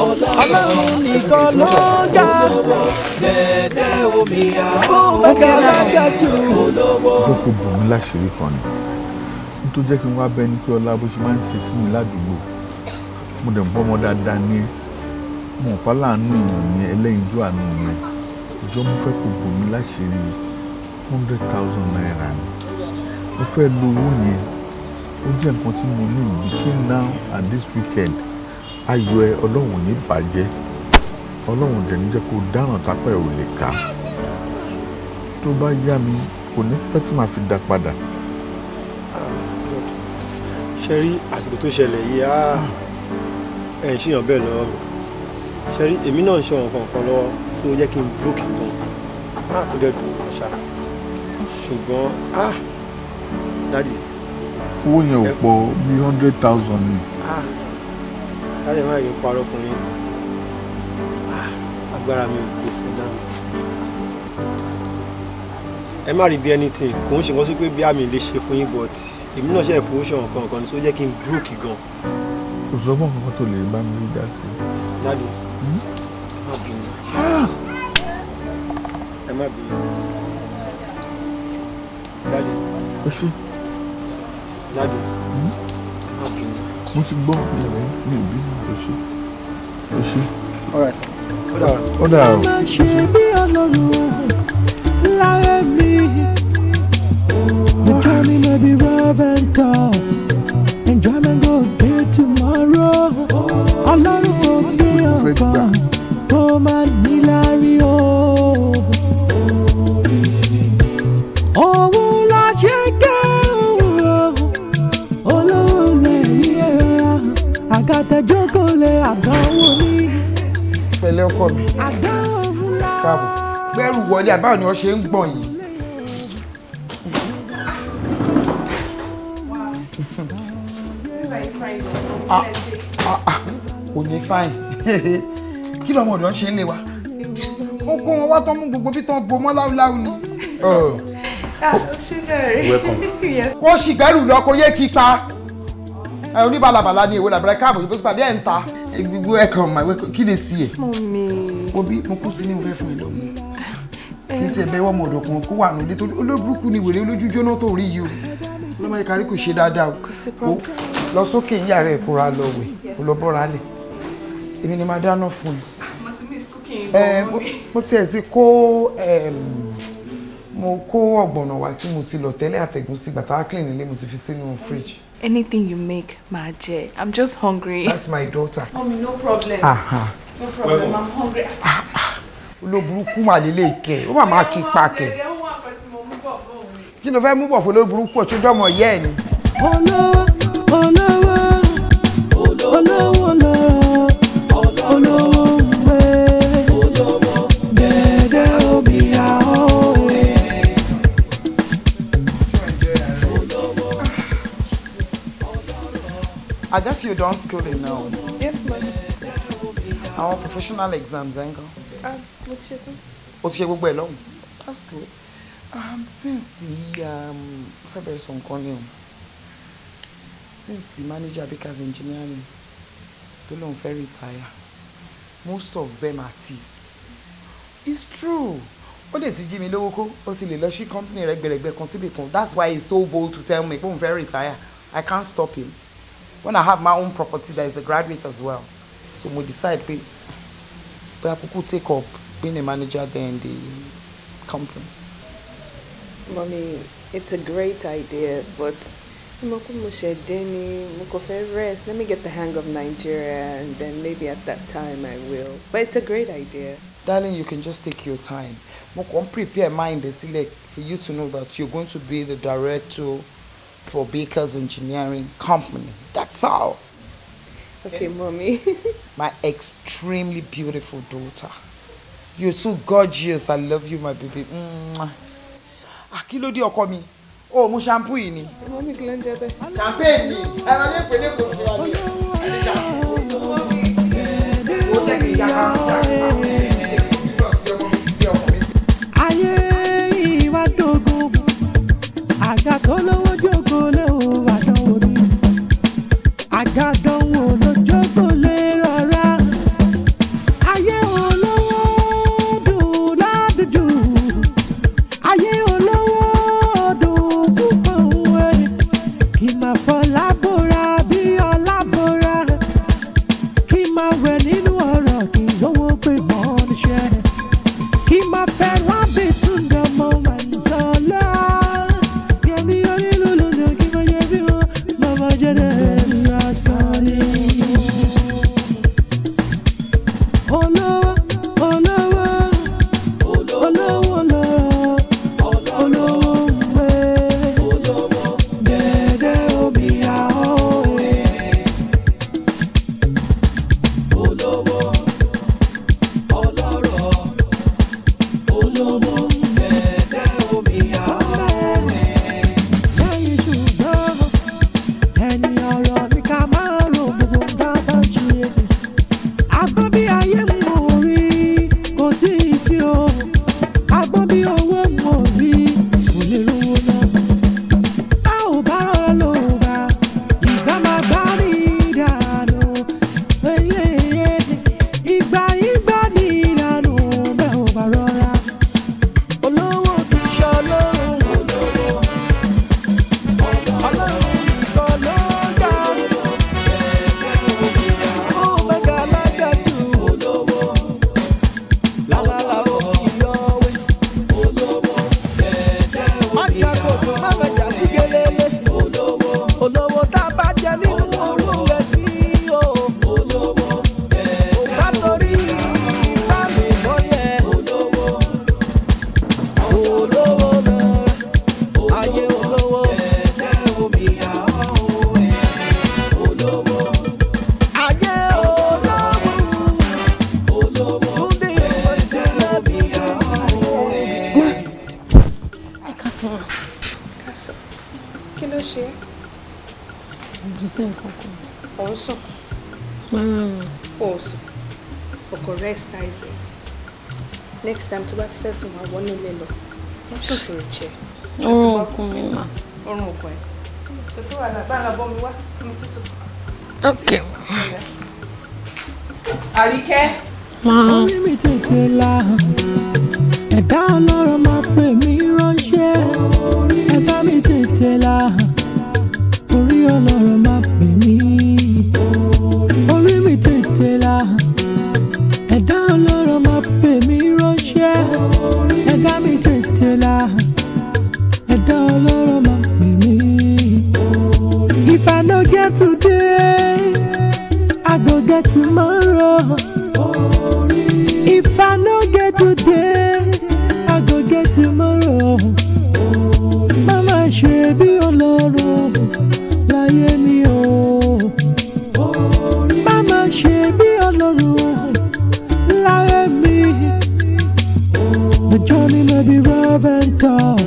ọlọ́run nìkan ló ga dẹ́dẹ́ omi àbọ̀ òkè lájájú olówó. ìjókòó bùnmi láṣìírí kan ni nítorí jẹ́ kí n wá bẹ́ni pé ọlá bó ṣe máa ń ṣe sí mi ládùúgbò mo dẹ̀ ń bọ́ ọmọ dáadáa ní mo ò pálá àánú ìyẹn ẹlẹ́yinjú àánú mi ìjọ mo fẹ́ kó bò mí láṣìírí hundred thousand naira ni mo fẹ́ lo owó yẹn ó jẹ́ nǹkan tí mo ní between now and this weekend ayọ̀ ẹ ọlọ́run ní bàjẹ́ ọlọ́run dẹ̀ ní jẹ́ kó dáràn tápẹ́ ò lè ká tó bá yá mi kò ní pẹ́ tí màá fi dá padà. Ah, ṣe rí àsìkò tó ṣẹlẹ̀ yìí á. Ah ẹ ń ṣèyàn bẹ́ẹ̀ lọ́wọ́ mi ṣẹ́rí èmi náà ń ṣe ọ̀nà kankan lọ́wọ́ tí ó jẹ́ kí n broke gan ah ó dẹ̀ dùn ún ṣá ṣùgbọ́n ah dáàdì. owó yẹn ò pọ̀ bí hundred thousand ni. ah dáàdì máa yẹ parọ́ fún yín ah agbára mi ò gbé fún dáhùn. ẹ má rí bí anything kò ń ṣe nǹkan sí pé bí àmì lè ṣe fún yín but èmi náà ṣe ìfowóṣọ̀n kankan tí ó jẹ́ kí n broke gan kò sọ́gbọ́n kankan tó lè bá mi rí dá sí. jáde hmm? ah! ẹ má bínú jáde. ó ṣe. jáde hmm? mo ti gbọ́ ìyàwó mi ò bínú ó ṣe ó ṣe. ó dà ó. Láyé mi, mo kọ́ ni mo rọ́bẹ̀ntàn. lulẹ̀ àdánwò ní. pẹ̀lẹ́ ọkọ mi káàbọ̀ gbẹ́rù wọlé àbáwọn ni wọ́n ṣe ń gbọ̀n yìí. Ah, ah, ah, kò ní fáìn kí lọmọ ọ̀dọ̀ ń ṣe ń lé wa ó kó wọn wá tán mú gbogbo bí tán bomọ́ láúláú ni. kó ṣì gbẹ́rù lọ kó yé kíta oníbalabala ni èwo làbẹ̀rẹ̀ káàbọ̀ ìbí pàdé ẹ̀ ń ta. gbogbo ẹ kàn máa wẹ kí lè sí ẹ. mọ̀mí. obi mo kú sí ní ìwé fún ìlọ́mù kí n tiẹ̀ bẹ́ẹ̀ wọ́n mọ̀ ọ̀dọ̀ kan kó wà nílé tó olóburúkú ni wèrè olójú jóná tó rí yìí o ọlọ́mọ yẹn kárí kò ṣe dáadáa o lọ sókè ìyá rẹ̀ kóra lọ wẹ̀ kó lọ bọ́ra lẹ̀ èmi ni máa dáná fún ẹ. mo tiẹ̀ ti kó mo kó ọ̀gbọ̀nà wá tí mo ti lọ tẹ́lẹ̀ àtẹ̀gùn sí gbàtà clean nílé mo ti fi sínú fridge anything you make, máa I'm just hungry. That's my daughter. Mommy, no problem. Uh-huh. No problem, well, I'm hungry. Olóburúkú mà lélẹ̀ kẹ̀, ó mà máa kí pa kẹ̀. Kí ló fẹ́ mú bọ̀ fún olóburúkú ọ̀ṣọ́jọ́ ọmọ yẹ́ ẹ̀ ni. Olówó, olówó, olówó, olówó. I guess you done schooling now. Yes, ma'am. Our professional exams Enka. Eh, ah, ń what's Mo ti ṣe tán. O ti ṣe That's good. Um, since the um, bẹ̀rẹ̀ sọ nǹkan since the manager Baker's engineering the lóun fẹ́ retire, most of them are thieves. It's true Only lè ti jí mi lówó kó company like gbẹrẹgbẹ kan síbì kan that's why he's so bold to tell me pé very tired. I can't stop him. When I have my own property that is a graduate as well. So we decide we but I take up being a manager there in the company. Mommy, it's a great idea, but mo rest. Let me get the hang of Nigeria and then maybe at that time I will. But it's a great idea. Darling, you can just take your time. Moko, prepare mind for you to know that you're going to be the director for Baker's Engineering Company. That's all. Okay, mommy. my extremely beautiful daughter. You're so gorgeous. I love you, my baby. Akilodi ah, ọkọ mi. Oh, mo shampoo yìí ni. Mommy kí ló ń jẹ bẹ́ẹ̀? Campaign ni. Ẹran yẹn pè é kò sí wa ni. Ẹni shampoo. Ó jẹ́ kí ìyá kan jà. Ayé ìwà dógún, àga tó lówó. I got. Go Okay. Àríkẹ́. Máa. Orí mi Johnny, maybe Rob and Dog.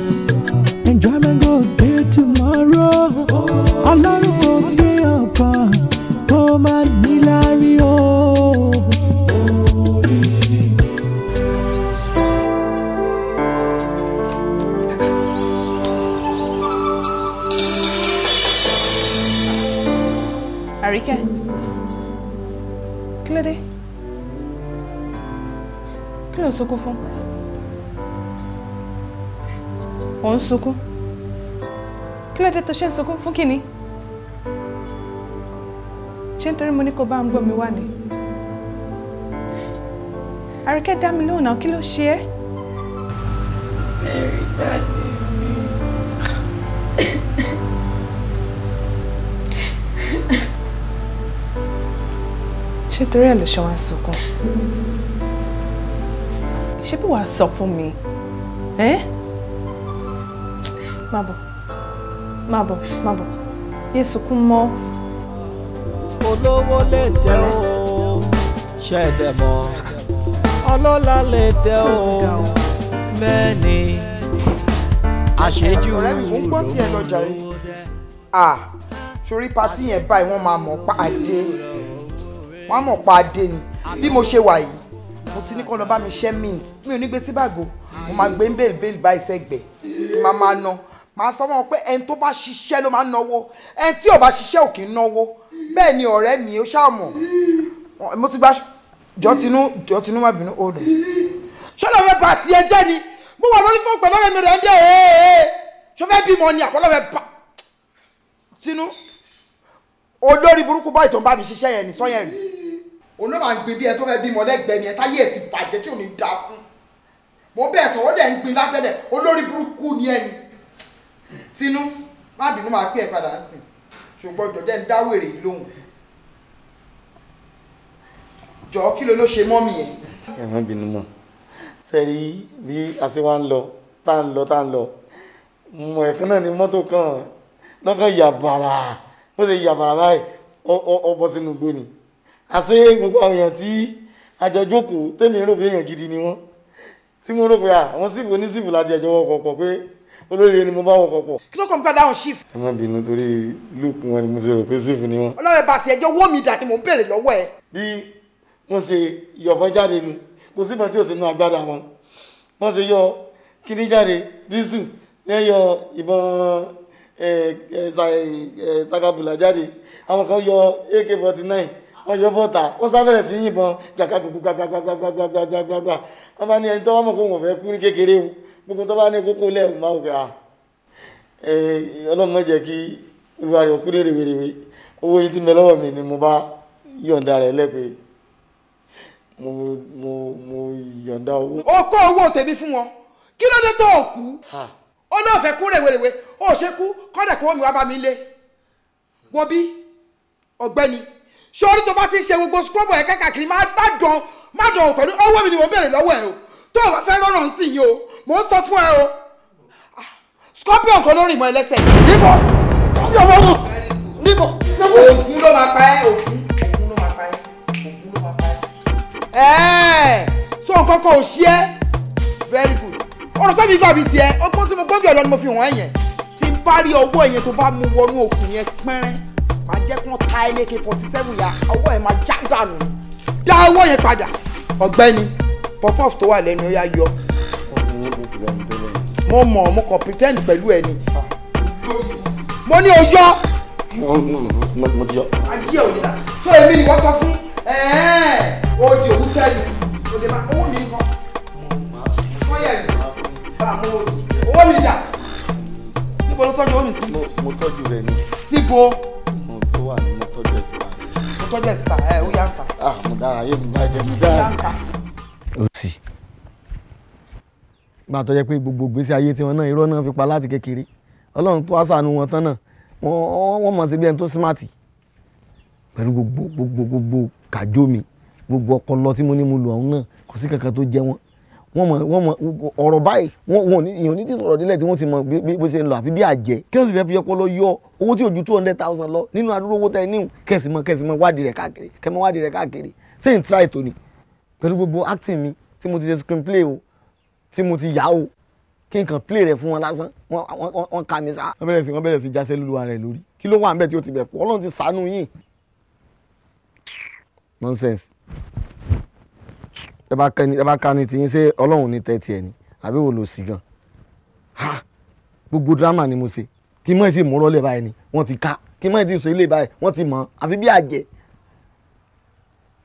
sunkún kí ló dé tó ṣe ń sunkún fún kínní ṣé nítorí mo ní kó bá ń gbọ́ mi wá ni àríkẹ́ dá mi lóhùn náà kí ló ṣe é. mi. ṣé torí ẹ̀ ló ṣe wá sunkún ṣé bí wàá sọ fún mi Eh? Má bọ̀, má bọ̀, má bọ̀. Yé sunkún mọ́. Olówó lè tẹ́ o, ṣẹ̀dẹ̀ mọ́. Ọlọ́lá lè tẹ́ o, mẹ́ni. Àṣejù ló ló dẹ́. Ah, sórí patí yẹn báyìí wọ́n máa mọ̀ pa adé. Wọ́n á mọ̀ pa adé ni. Bí mo ṣe wà yìí, mo ti ní kọ́ lọ bá mi ṣẹ́ mint. Mi ò ní gbé sí bàgò. Mo máa gbé ń bèlè bèlè báyìí sẹ́gbẹ̀ẹ́. Ti máa máa ná màá sọ wọn pé ẹni tó bá ṣiṣẹ́ ló máa ń náwó ẹni tí ò bá ṣiṣẹ́ ò kì í náwó bẹ́ẹ̀ ni ọ̀rẹ́ mi ó ṣàmọ̀ mo ti gba jọtinú jọtinú má bínú odò ṣọlá fẹ́ bá tiẹ̀ jẹ́ ni mo wà lórí fún pẹ̀lú mi rẹ̀ ń dẹ̀ ee ṣọfẹ́ bímọ ni àpọ̀lọ́ fẹ́ bá tinú olórí burúkú báyìí tó ń bá mi ṣiṣẹ́ yẹn ní sọ́yẹn rí òun náà máa ń gbin bí ẹ tó fẹ́ bímọ lẹ́gbẹ̀ẹ́ mi ẹ táyé ẹ ti bàjẹ́ tí ò ní dáa fún mo bẹ́ẹ̀ sọ̀rọ̀ dẹ̀ ń gbin lábẹ́lẹ̀ olórí burúkú ni ẹni tinú má bínú máa pè ẹ́ padà ń sìn ṣùgbọ́n jọ̀jẹ́ ń dáwèrè yìí lóhùn jọ kí ló ló ṣe mọ́ mi yẹn. ẹ má bínú mọ́ sẹ́rí bí a ṣe wá ń lọ tá ń lọ tá ń lọ mọ̀ ẹ̀kan náà ni mọ́tò kan lọ́kàn yàbàrà bó ṣe yàbàrà báyìí ó bọ́ sínú igbó ni àṣé gbogbo àwọn èèyàn tí àjọjókòó tẹ́lẹ̀ rò pé èèyàn gidi ni wọ́n tí mo rò pé àwọn síbò ní láti ẹ̀jọ̀ wọ́pọ̀ pé olórí ni mo bá wọn pọ̀pọ̀. kí ló kàn padà on shift. ẹ má bínú torí luke wọn ni mo ṣe rò pé sífù ni wọn. ọlọ́run bá tiẹ̀ jọ wó mi dà ni mò ń bèrè lọ́wọ́ ẹ. bí wọ́n ṣe yọ̀bọ jáde nu kò síbọn tí ò sí nu agbára wọn wọ́n ṣe yọ kíní jáde bísù lẹ́yọ ìbọn sakabula jáde àwọn kan yọ ak forty nine wọ́n yọ bọ́ta wọ́n sábẹ̀rẹ̀ sí yìnbọn gbàgbàgbàgbàgbàgbàgbàgbàgbàgbà wọ́n bá ní ẹni tó wọ́n mọ̀ pé wọ́n fẹ́ kú ní kékeré o gbogbo tó bá ní kókó lẹ́ẹ̀mú máa wò pé ah ọlọ́mọ jẹ́ kí olúwa rẹ̀ kú rèrèwèrèwè owó yìí tí mẹ lọ́wọ́ mi ni mo bá yọ̀ǹda rẹ̀ lẹ́pẹ́ mo mo mo yọ̀ǹda owó. o kó owó tèmi fún wọn kí ló dé tó o kú ó náà fẹ́ kú rèwerèwe ó ṣe kú kọ́dà kó mi wá bá mi lé wo bí ọ̀gbẹ́ni ṣé orí tó bá ti ń ṣe gbogbo scrub ẹ̀ káàkiri má dán má o pẹ̀lú owó mi ni mo béèrè lọ́wọ́ ẹ̀ o tó o bá fẹ́ rọ̀nà sí yìí o mò ń sọ fún ẹ o scorpion kan ló rìn mọ́ ẹlẹ́sẹ̀. níbo níbo níbo níbo. òògùn ló máa pa ẹ́ òògùn ló máa pa ẹ́ òògùn ló máa pa ẹ́. ẹ̀ẹ́ sọ nǹkan kan ò ṣí ẹ́ very good ọ̀rọ̀ pẹ́ mi gbọ́ mi sí ẹ ọgbọ́n tí mo gbọ́ bí ọ̀lọ́ ni mo fi hàn ẹ́ yẹn tí n bá rí ọwọ́ yẹn tó bá mu wọnú òkun yẹn pẹ́rẹ́ máa jẹ́ kí wọ́n ta ẹ́ lẹ́kẹ́ forty seven yà ọwọ́ yẹn máa já dànù dá ọwọ́ yẹn padà ọ̀gbẹ́ni pọpọf tó wà lẹ́nu ya yọ mo mọ̀ mo kàn pretend pẹ̀lú ẹni mo ní o yọ. mo ti yọ. ayé òní la tó èmi ni wọ́n sọ fún òde òwú sẹ́yìn òde máa owó mi nǹkan fọ́yà yìí bá a mú owó mi dà níbo ló tọ́jú owó mi sí. mo tọ́jú rẹ ni. síbo. mo tó wà ní mo tọ́jú ẹ̀ síta. mo tọ́jú ẹ̀ síta ẹ̀ ó yá ń ta. ah mo dára yé mi bá jẹ mi dára. ó yá ń ta òsì gbà tó jẹ́ pé gbogbo gbèsè ayé tiwọn náà irọ́ náà fi pa láti kékeré ọlọ́run tó àṣàánú wọn tán náà wọ́n mọ̀ sí bí ẹni tó smart pẹ̀lú gbogbo gbogbo gbogbo kàjó mi gbogbo ọpọlọ tí mo ní mo lò ọ̀hún náà kò sí kankan tó jẹ wọn wọ́n mọ̀ wọ́n mọ̀ ọ̀rọ̀ báyìí wọ́n ìyàn ní ti sọ̀rọ̀ délẹ̀ tí wọ́n ti mọ̀ bó ṣe ń lọ àfi bí àjẹ́ kẹ́sì fẹ́ fi ọpọlọ yọ owó tí ò ju two hundred thousand lọ nínú adúrówó tẹ níhùn kẹ́sì mọ kẹ́sì mọ wádìí rẹ̀ káàkiri kẹ́mọ wádìí rẹ̀ káàkiri sẹ́yìn tíráì tó ni pẹ̀lú gbogbo acting mi tí mo ti ṣe screenplay o tí mo ti yá o kí n kàn play rẹ̀ fún wọn lásán wọ́n ka mi sá. wọ́n bẹ̀rẹ̀ sí wọ́n bẹ̀rẹ̀ sí jáse lulú ara ẹ̀ lórí kí ló wà ń bẹ̀ tí ó ti bẹ̀ fún ọlọ́run ti sànú yín. nonsense ẹ bá ka ni tiyín ṣé ọlọ́run ní tẹ́tí ẹ̀ ni àbí wo lò sí gan ha gbogbo drama ni mo ṣe kí mọ̀ ẹ́ sì mú rọ́lẹ̀ báyìí ni wọ́n ti ká kí mọ̀ ẹ́ sì sọ ilé báyìí wọ́n ti mọ̀ àbí bí àjẹ́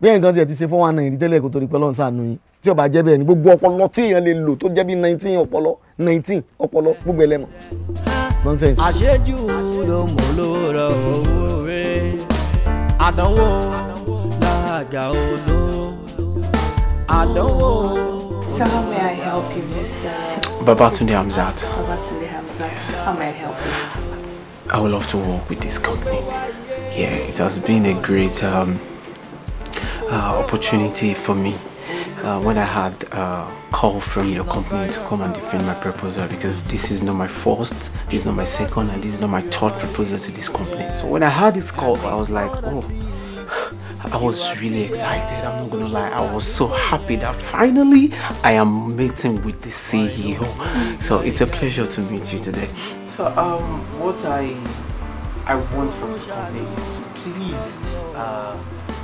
bí ẹ̀yìn kan tiẹ̀ ti ṣe fún one nine tẹ́lẹ̀ kó torí pé Ọlọ́run ṣàánú yín tí ó jẹ́ bẹ́ẹ̀ ni gbogbo ọpọlọ tí èèyàn lè lò tó jẹ́ bí nineteen ọpọlọ nineteen ọpọlọ gbogbo ẹlẹ́mọ̀ nonsense. àṣejù ló mú lóró owó rẹ̀ àdánwò làgà odò àdánwò. So how may I help you, Mr. Babatunde Hamzat? Babatunde Hamzat, How may I help you? I would love to work with this company. Yeah, it has been a great um, Uh, opportunity for me uh, when I had a uh, call from your company to come and defend my proposal because this is not my first, this is not my second, and this is not my third proposal to this company. So when I had this call, I was like, oh, I was really excited. I'm not gonna lie. I was so happy that finally I am meeting with the CEO. So it's a pleasure to meet you today. So um, what I I want from the company is to please uh,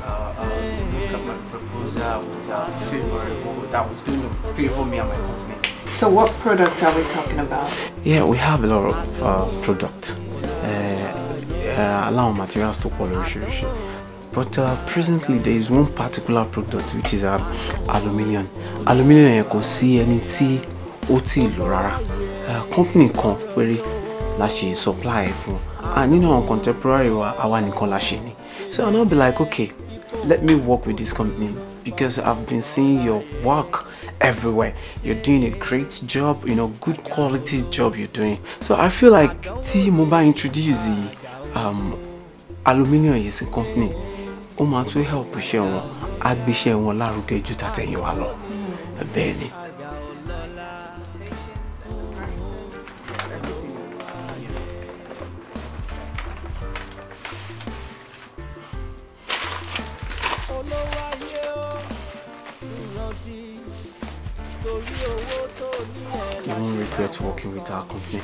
uh, um, proposal with uh, favorable that was going to favor me and my company. So what product are we talking about? Yeah, we have a lot of uh, product. Uh, eh, eh, allow materials to polish. But uh, presently there is one particular product which is um, aluminium. Aluminium yẹn kò sí ẹni tí ó ti eh, Company kan péré la supply fún. And nínú àwọn contemporary wa àwa nìkan la ṣe So I now be like okay let me work with this company because I've been seeing your work everywhere. You're doing a great job, you know, good quality job you're doing. So I feel like T-Mobile introduced the um, aluminium is a company. Ó máa tún help iṣẹ́ wọn, á gbé iṣẹ́ wọn lárugẹ ju tàtẹ̀yìnwá lọ. Hmm. Bẹ́ẹ̀ ni. even regret working with our company.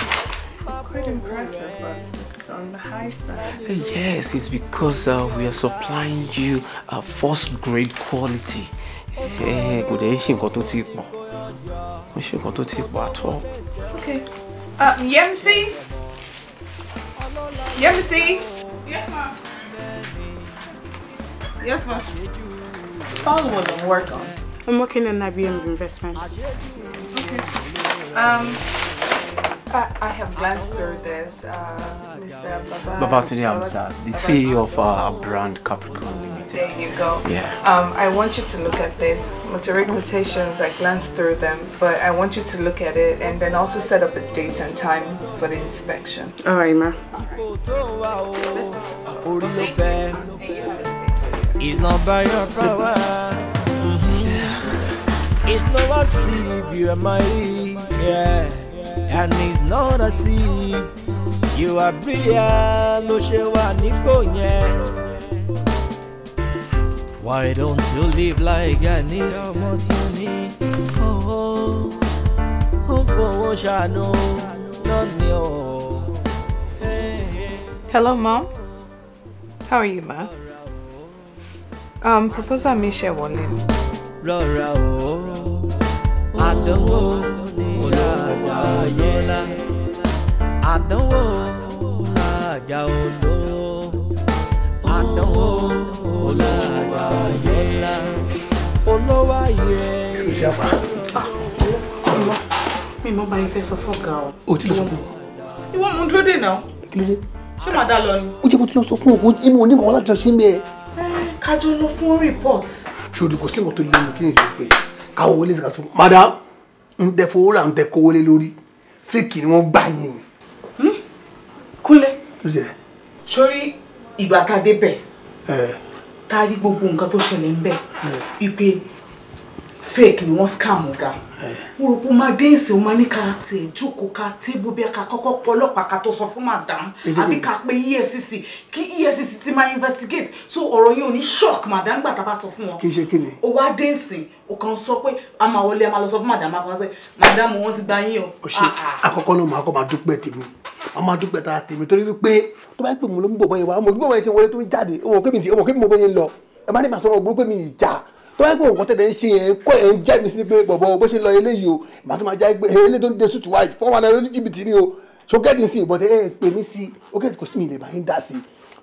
quite impressive, but it's on the high side. Uh, yes, it's because uh, we are supplying you a first grade quality. Eh, at all. Okay. Uh, Yemsi, Yes, ma'am. Yes, ma'am. Follow what I'm working on. I'm working in IBM investment. Okay. Um, I, I have glanced through this, uh, Mr. Babati Hamza, the CEO of our brand Capricorn Limited. There you go. Yeah. Um, I want you to look at this. Material quotations, I glanced through them, but I want you to look at it and then also set up a date and time for the inspection. All right, ma. All right. It's not by your power. Mm-hmm. It's not what sleep you my yeah, and it's not a thief. You are brilliant, ló ṣe wà Why don't you live like I need almost you Oh, oh, oh for what I know, not me. Hello, mom. How are you, ma? Um, proposal mi ṣe wọlé. Rọra o, àdánwò làjà olóla àdánwò làjà olóla àdánwò làjà olóla olówó ayé. ṣíṣe àfà. ọlọ́wà mi mọ bá ife sọ fún ọ̀gá o. o ti lọ sọ fún un. ìwọ mú dúró dè náà. kí ló dé. ṣé màá dá lọ ni. ó jẹ́ kó ti lọ sọ fún òkú inú onímọ̀ láti lọ sí mẹ́ẹ̀. kájọ lọ fún report. ṣòdì kò sí ìmọ̀ tó yẹ kí n rí i pé káwọ́ wọlé ìsìnkà sọ madam ń tẹ fowó rà ń tẹ kówó lé lórí fèkì ni wọ́n gbà yín ni. kúnlẹ̀ sórí ìgbà tá a débẹ̀ tá gbogbo nǹkan tó ṣẹlẹ̀ ń bẹ̀ wípé fake ni wọ́n scam ga mo rò pé máa déǹsì ó máa ní ká tẹ̀ jókòó ká tébù bí ká kọ́kọ́ pọ̀ ọlọ́pàá ká tó sọ fún madam àbí ká pe EFCC kí EFCC ti máa investigate so ọ̀rọ̀ yìí ò ní shock madam gbà tá a bá sọ fún wọn. kì í ṣe kí ni. ó wá déǹsì ó kàn sọ pé a máa wọlé a máa lọ sọ fún madam a kàn sọ madam wọn ti gba yín o. o ṣe ah, ah. àkọ́kọ́ náà màá kọ́ máa dúpẹ́ tèmi màá máa dúpẹ́ tá a tèmi torí wípé tó bá pè mí ló ń bọ̀ bọ́yẹn wá mo gbọ́ bọ́yẹn tó wáyé pé nǹkan tẹ̀lé ń ṣe yẹn kọ́ ẹ̀ ń jẹ́ mi sí pé bọ̀bọ̀ bó ṣe lọ eléyìí o màá tó máa já pé eléyìí tó ń de sùtù wáyé fọ́n náà lórí jìbìtì ni o so get in sin but ẹ pè mí sí o kò sí mi lè bá yín dá sí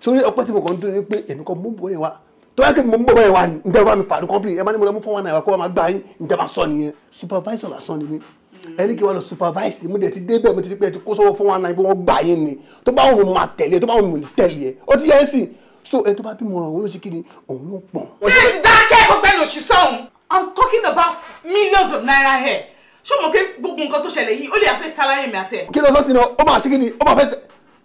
sórí ọpẹ́ tí mo kàn ń dúró ni pé èmi kan mú bọ̀ yẹn wá tó wáyé pé mo mú bọ̀ yẹn wá ǹjẹ́ bá mi fàánù kọ́ńpì ẹ má ní mo lọ mú fọ́n wà náà kó wá máa gbá yín ǹjẹ́ bá sọ nìyẹn supervisor lásán ni mí ẹni kí wọn lọ supervise mo dẹ̀ ti dé bẹ́ẹ̀ mo ti ti pẹ́ ti kó sọ́wọ́ fún náà ibi wọn gbà yín ni tó bá wọn mo tẹ̀lé tó bá wọn mo lè tẹ̀lé ó ti yẹ ẹ́ sìn so ẹni tó bá bímọ ọ̀rọ̀ òun ló ṣe kí ni i'm talking about millions of naira here ṣé mo pé gbogbo nǹkan tó ṣẹlẹ̀ yìí ó lè affect salary mi àti ẹ̀. kí ló sọ sí ni ó máa ṣe kí salary ó máa fẹ́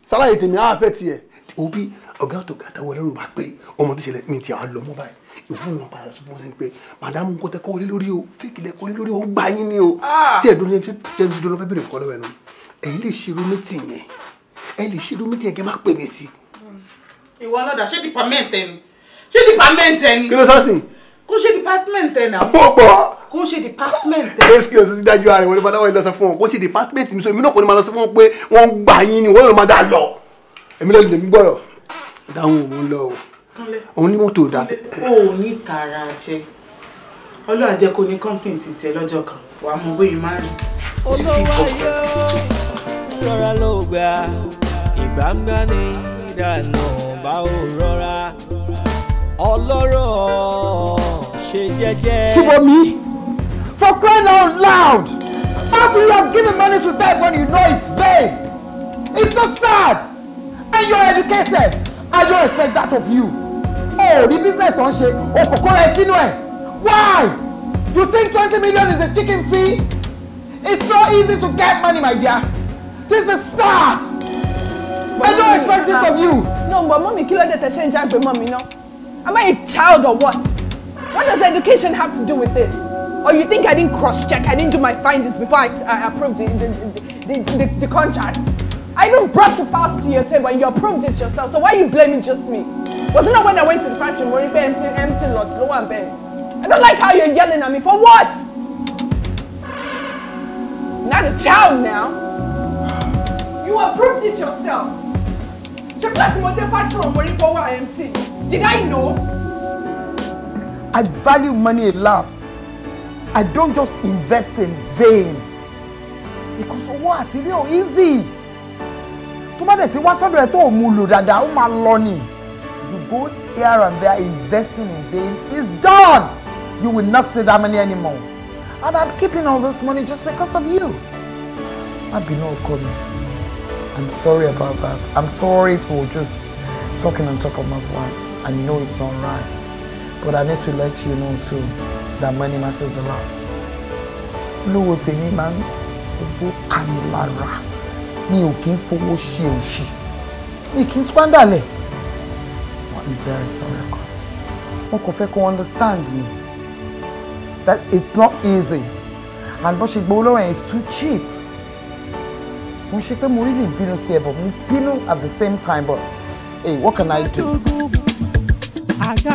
salary tèmi á fẹ́ tiẹ̀ òbí ọ̀gá tó gàtà wọlé rò bá pé ọmọ tó ṣẹlẹ̀ mi ti àwọn lọ́mọ báyìí ìwọ náà padà sọ fún ọ sí pé màdàmú kò tẹ kọ́wé lórí o fíìkì lẹ kọ́wé lórí o gbà yín ni o tí ẹ̀dùn ní ẹ̀dùn lọ́fẹ́ bèrè kọ́ lọ́wọ́ ẹ̀ náà ẹ̀yin lè ṣerú mítì yẹn ẹ̀ lè ṣerú mítì yẹn kẹ́ má pè mí sí i ìwọ ọlọ́dà ṣé department ẹ ni ṣé department ẹ ni. kí ló sọ sí. kó ṣe department ẹ náà. mo pọ̀. kó ṣe department ẹ. ẹ ṣe ti dájú ara ẹ wọlé padà wọlé lọ sọ fún wọn kó ṣe department mi sọ èmi náà kò ní máa lọ sọ fún wọn pé wọn gbà yín ni wọn lọ máa dà lọ èmi lọ lèmi gbọ́rọ̀ dáhùn òun lọ o òun ní mọ́tò dà. o ò ní tààrà jẹ ọlọ́wà jẹ́ kó ní company ti tiẹ̀ lọ́jọ́ kan wà á mọ bóyá máa rìn. olówó ayé rọra ló gbà ìgbàǹgbà ní ìdáná bá ò rọra ọlọ́rọ̀ ṣe jẹ́jẹ́. Ṣubomi for crying out loud how do you have given money to them when you know it's vain it's so sad and you're educated I don't expect that of you o oh, rí business tó ń ṣe o oh, kò kóra ẹ sínú ẹ why you think twenty million is a chicken fee it's so easy to get money my dear this is sad. I don't expect this of you. No, but mommy, kí ló dé tẹ́ ṣe ń mommy. mọ́ mi Am I a child or what? What does education have to do with this? Or you think I didn't cross-check, I didn't do my findings before I, I approved the, the, the, the, the contract? I even brought the files to your table and you approved it yourself, so why are you blaming just me? Wasn't that when I went to the pantry, Moripe empty, empty lot, low and bare? I don't like how you're yelling at me, for what? Not a child now. You approved it yourself. ṣé pé àti mo dé factory ọmọ orí fọwọ́ empty did I know. I value money a lot. I don't just invest in vain because what? àti ilé ò easy tó bá dẹ̀ ti wá sọ́dọ̀ ẹ̀ tó money, mú lò dáadáa ó máa you go here and there investing in vain it's done you will not see that money anymore and I'm keeping all this money just because of you I've been all coming. I'm sorry about that. I'm sorry for just talking on top of my voice. I know it's not right. But I need to let you know too that money matters a lot. Lówó tèmi man, ń gbogbo kanilára. Mi ò kí ń fowó ṣe òṣì. Mi kì í I'm very sorry God. Wọn kò ko understand me that it's not easy and bó ṣe gbowó lọ́wọ́ yẹn is too cheap mo ṣe pé mo rí lè bínú sí ẹ bọ̀ mo bínú at the same time but hey what can I do. àga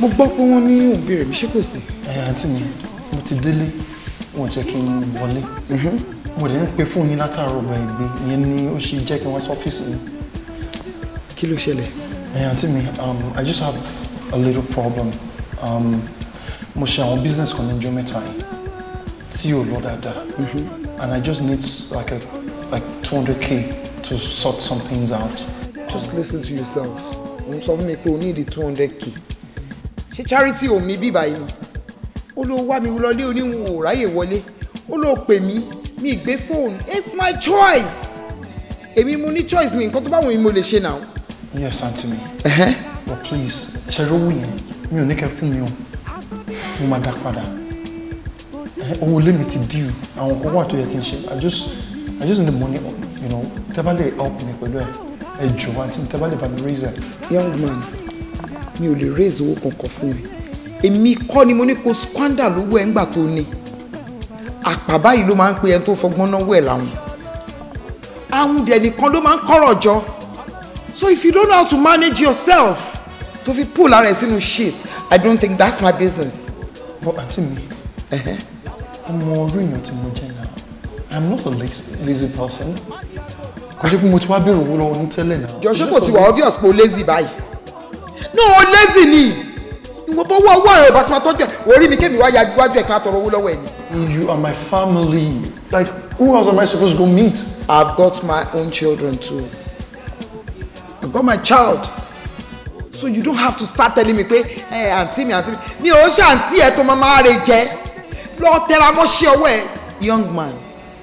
mo gbọ́ pé wọ́n ní òbí rẹ̀ mi ṣé kò sí àǹtí mi mo ti délé wọn jẹ́ kí n wọlé mm-hmm. mo dẹ̀ ń pe fóònù yín látàárọ̀ ọgbà ìgbé ìyẹn ni ó ṣe jẹ́ kí n wá sọ́fíìsì mi. kí ló ṣẹlẹ̀. àǹtí mi um, i just have a little problem um, mo ṣe àwọn business kan lẹ́jọ́ mẹ́ta yìí tí ò lọ dáadáa mm-hmm. and i just need like a like 200 k to sort some things out. just um, listen to yourself. mo sọ fún mi pé o need two 200 k ṣé charity ò ní bí ó ló wá mi lọlé oníwò ráyè wọlé ó ló pè mí mi gbé fóònù it's my choice èmi mo ní choice mi nǹkan tó bá wù mí mo lè ṣe náà. yes aunty mi but please ṣe ló yẹn mi ò ní kẹ́ fún mi o mo máa dá padà owó ilé mi ti due àwọn nǹkan wà tó yẹ kí n ṣe i just i just need money you know tẹ́ bá lè help mi pẹ̀lú ẹ̀ ẹ jọ̀wọ́ àti tẹ́ bá lè young man mi ò lè raise owó kankan fún ẹ èmi kọ́ ni mo ní kó squander lówó ẹ̀ ńgbà tó ní àpà báyìí ló máa ń pe ẹni tó fọgbọ́n náwó ẹ̀ láwọn àwọn dẹ̀ nìkan ló máa ń kọ́rọ̀ jọ so if you don't know how to manage yourself to fi pull ara ẹ̀ sínú shit i don't think that's my business. but àǹtí mi ọmọ orí èèyàn tí mo jẹ́ náà i'm not a lazy, person kò jẹ́ pé mo ti wá bèrè owó lọ́wọ́ ní tẹ́lẹ̀ náà. jọ̀ọ́ ṣé kò ti wà obvious pé o lazy báyìí. no o lazy ni gbogbo owó ọ̀rọ̀ ìbáṣepọ̀ tọ́jú ẹ̀ orí mi kémi wáyà wájú ẹ̀ kan àtọ̀rọ̀ owó lọ́wọ́ ẹ̀ ni. you are my family like who else am I supposed to go meet. I've got my own children too I've got my child so you don't have to start telling me pé ẹ àǹtí mi àǹtí mi mi ò ṣe àǹtí ẹ tó máa rè jẹ lọ tẹra mọ́ ṣe ọwọ́ ẹ. young man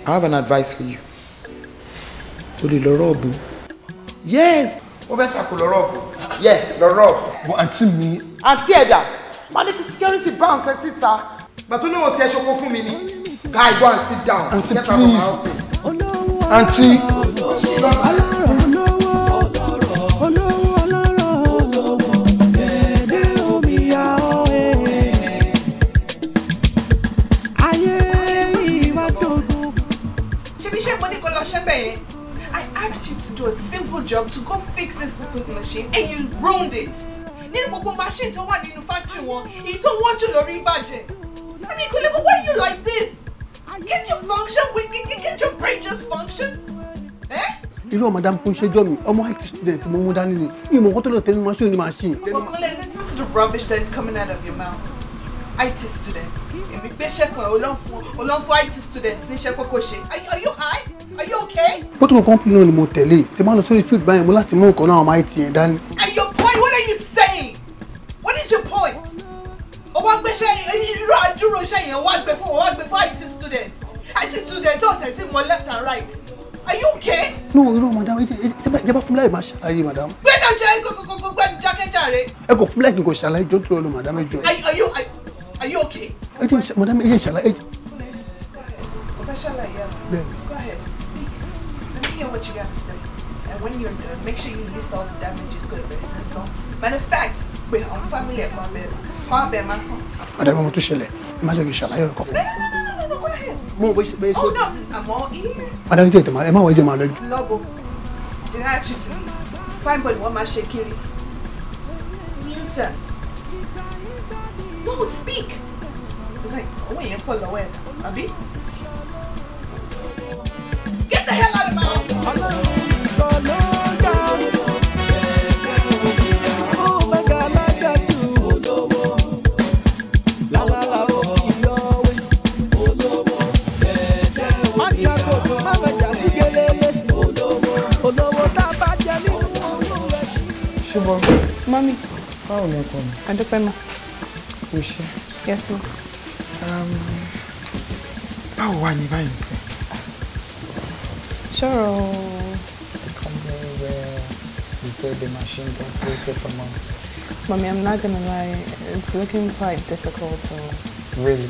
I have an advice for you To lè lọ rọ́ọ̀bù yes ó fẹ́ sàkó lọ rọ́ọ̀bù yẹ lọ rọ́ọ̀bù. but àǹtí mi àǹtí ẹ̀dà má ní kí security bounce ẹ síta gbàtó lóhùn tí ẹ ṣoko fún mi ni guy go and sit down aunty please aunty. I asked you to do a simple job to go fix this people's machine and you ruined it machine tó wà nínú factory wọn èyí tó wọ́n lórí ìbàjẹ́ I mean Kunle but why you like this can't you function can't your brain just function. Eh? irú ọmọ dá fún ṣẹjọ mi ọmọ it student mo mú dání ni mi mọ kó tó lọ tẹnu máa ṣe ni máa ṣe. ọkùnrin listen to the rubbish that is coming out of your mouth it student èmi gbé ṣẹ́fọ̀ olóńfọ̀ it student níṣẹ́ kókó ṣe are you high are you okay. kótó kan kọ́ńpì náà ni mo tẹ̀lé tí máa lọ sórí field báyìí mo láti mú nǹkan náà ọmọ it yẹn dání get your point o wá gbéṣẹ́ irú àdúró iṣẹ́ yẹn wá gbé fún o wá gbé fún IT students IT students ò tẹ̀sí mọ left and right are you okay. no you know, madam ẹ bá fún láì Are you, madam. Go, jẹ́ gbogbo gbẹ́nu jákèjàre. ẹ kò fún láì kò ṣàlàyé jọ́ tó lọ madam ẹ jọ. are you are you okay. I jẹ́ madam I jẹ́ ṣàlàyé. o fẹ́ ṣàlàyé àná. Yeah. go ahead speak let me hear what you got to say and when you're done make sure you list all the damages to the rest so matter of fact pé àwọn fámìlì ẹ̀kọ́ abẹ́rẹ́ kọ́ abẹ́ máa fún. ọ̀dà ìbọn mo tún ṣẹlẹ̀ ẹ má jẹ́ kí n ṣàlàyé ọ̀rọ̀ kan. mo bẹ ṣe bẹ́ẹ̀ ṣe. ó dàn àmọ́ iye. padà ní tètè fine boy wọ́n máa ṣe kiri nuisance no speak owó yẹn pọ̀ lọ́wọ́ ẹ̀ Abi, get the hell out of my house. Chibok. Mommy. How will I don't know. O ṣe. Yes ma. Um, báwo wà ní báyìí sí? Sọ̀rọ̀. The company where you said the machine operated for months. Mummy, I'm not gonna lie. It's looking quite difficult Really?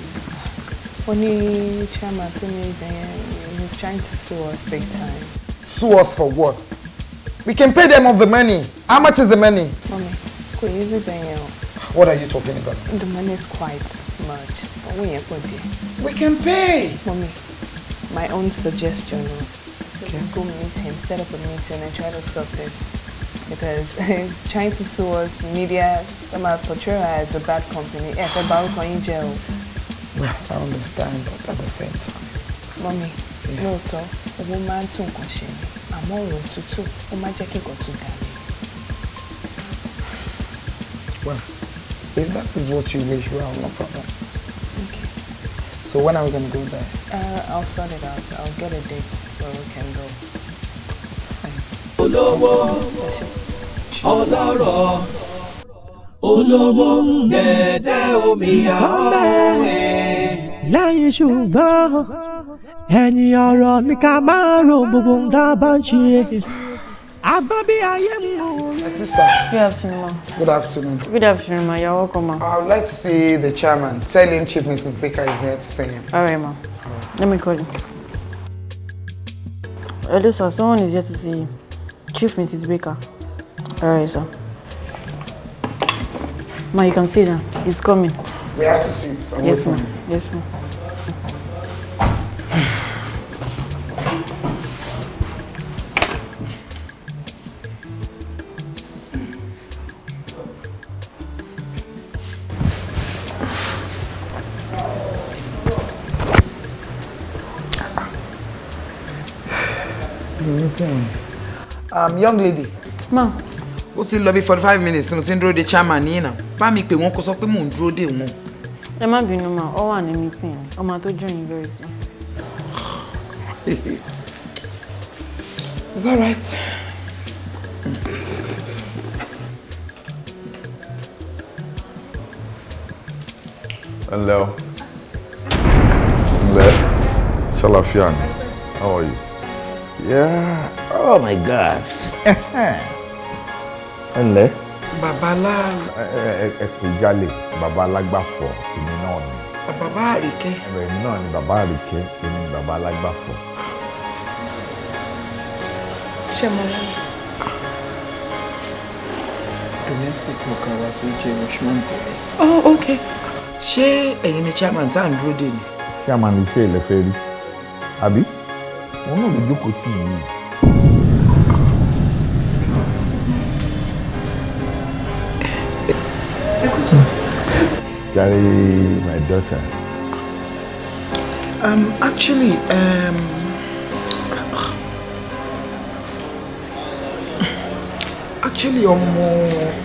When to... Really? Only chairman, Timmy, he's trying to sue us big time. Sue us for what? We can pay them off the money. How much is the money? Mommy, crazy Daniel. What are you talking about? The money is quite much. We can pay. Mommy, my own suggestion. Okay. Go meet him, set up a meeting and try to solve this. Because he's trying to sue us, media, somehow portray her as a bad company. a in jail. Well, I understand, but at the same time. Mommy, yeah. no, a woman too, àmọ́ ọ̀rọ̀ tútù ó má jẹ́ kí nǹkan tó dà well if that is what you wish well no problem. okay. so when are we gonna go there. Uh, I'll sort it out I'll get a date where we can go. it's fine. olówó ọlọ́rọ̀ olówó ń dẹ̀dẹ̀ omi àwọn ẹ̀. lẹ́yìn ṣùgbọ́n ẹni ọ̀rọ̀ ni ká máa ro gbogbo ń dábàá ń ṣe. Ababi Ayemu. Sister. Good afternoon, ma. Good afternoon. Good afternoon, ma. You're welcome, ma. I would like to see the chairman. Tell him Chief Mrs. Baker is here to see him. All right, ma. Let me call him. Hello, sir. Someone is here to see Chief Mrs. Baker. All right, sir. Ma, you can see now. He's coming. We have to see. So yes, ma. Yes, ma. um, young lady. ma. ó ti lọ bí forty five minutes tí mo ti ń dúró de chairman yìí náà bá mi pè wọ́n kó sọ pé mò ń dúró de wọn. ẹ má bínú ma ọ wà ní meeting ọmọ tó join very soon. Is that right? Hello. Hello. Shalafian. How are you? Yeah oh my god ẹnlẹ. babalá. ẹ pè jálè babalágbàfọ èmi náà ni. bàbá àríkẹ́. èmi náà ni bàbá àríkẹ́ èmi babalágbàfọ. ṣé mo ní. domestic worker wa tó jẹ oṣùwọ̀n tẹ̀lé. oh ok. ṣé ẹ̀yin ni chairman tá à ń dúró dè ní. chairman iṣẹ́ ilẹ̀ fẹ́ rí àbí wọn náà ló jókòó tì yìí. carry my daughter? Um, actually, um, actually ọmọ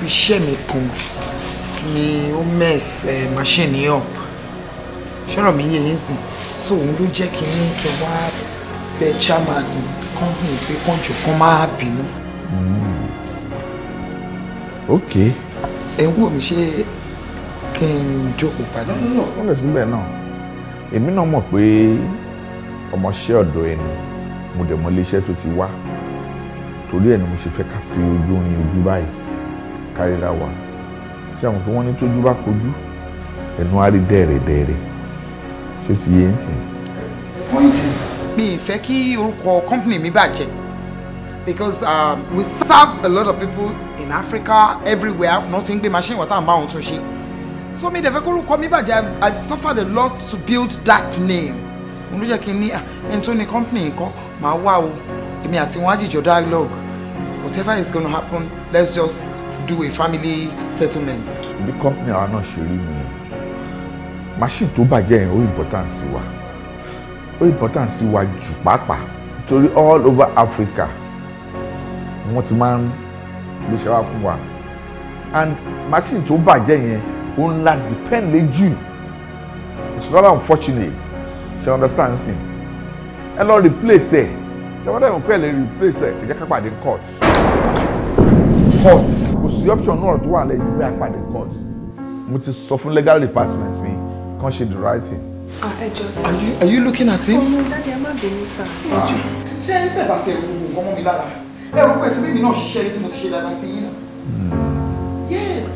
iṣẹ́ mi kan ni ó mess eh, machine yo. up ṣọ́rọ̀ mi yé yín so òun ló jẹ́ kí ní kí wá bẹ chairman company pé kọ́ńjọ kan máa bínú. Mm. ok. ẹ ń wò mí kí n jókòó padà. wọ́n lè síbẹ̀ náà èmi náà mọ̀ pé ọmọọṣẹ́ ọ̀dọ̀ ẹni mo dẹ̀ mọ iléeṣẹ́ tó ti wá torí ẹ̀ ni mo ṣe fẹ́ ká fi ojú rin ojú báyìí káríra wa ṣé àwọn pé wọ́n ní tójú bá kojú ẹnu á rí dẹ̀rẹ̀dẹ̀rẹ̀ ṣé ó ti yé ń sìn. mi ì fẹ́ kí orúkọ company mi bàjẹ́ because um, we serve a lot of people in Africa everywhere nothing gbé machine water and bá wọn tún ṣe so mi dẹ̀fẹ́ kórúkọ mi bàjẹ́ i have suffered a lot to build that name mo ló jẹ́ kí n ní ah, company nǹkan màá wá o èmi àti wọn á dialogue whatever is going to happen let's just do a family settlement. The company are not sure me. machine tó bàjẹ́ yẹn important sí wa ó important sí wa jù pàápàá torí all over Africa wọ́n ti máa ń ló ṣe wá wa and machine tó bàjẹ́ yẹn òun la depend lé jù it's rather unfortunate ṣe understand sin ẹ lọ replace ẹ tẹmọdé ìwọ̀n pẹ̀lẹ́ replace ẹ ẹ jẹ́ ká pàdé court. court. kò sí option náà tó wà lẹ́yìn pé a court mo ti sọ fún legal department mi kàn ṣe the right thing. Ah, ẹ jọ sọ. are you are you looking at him. ọmọ dáadé ẹ má bínú sá. Ah. ṣé ń tẹ̀bà tẹ̀ wù ọmọ mi lára ẹ rò pé tí bíbí náà ṣiṣẹ́ tí mo ti ṣe dáadáa sí yín náà. Hmm. yes.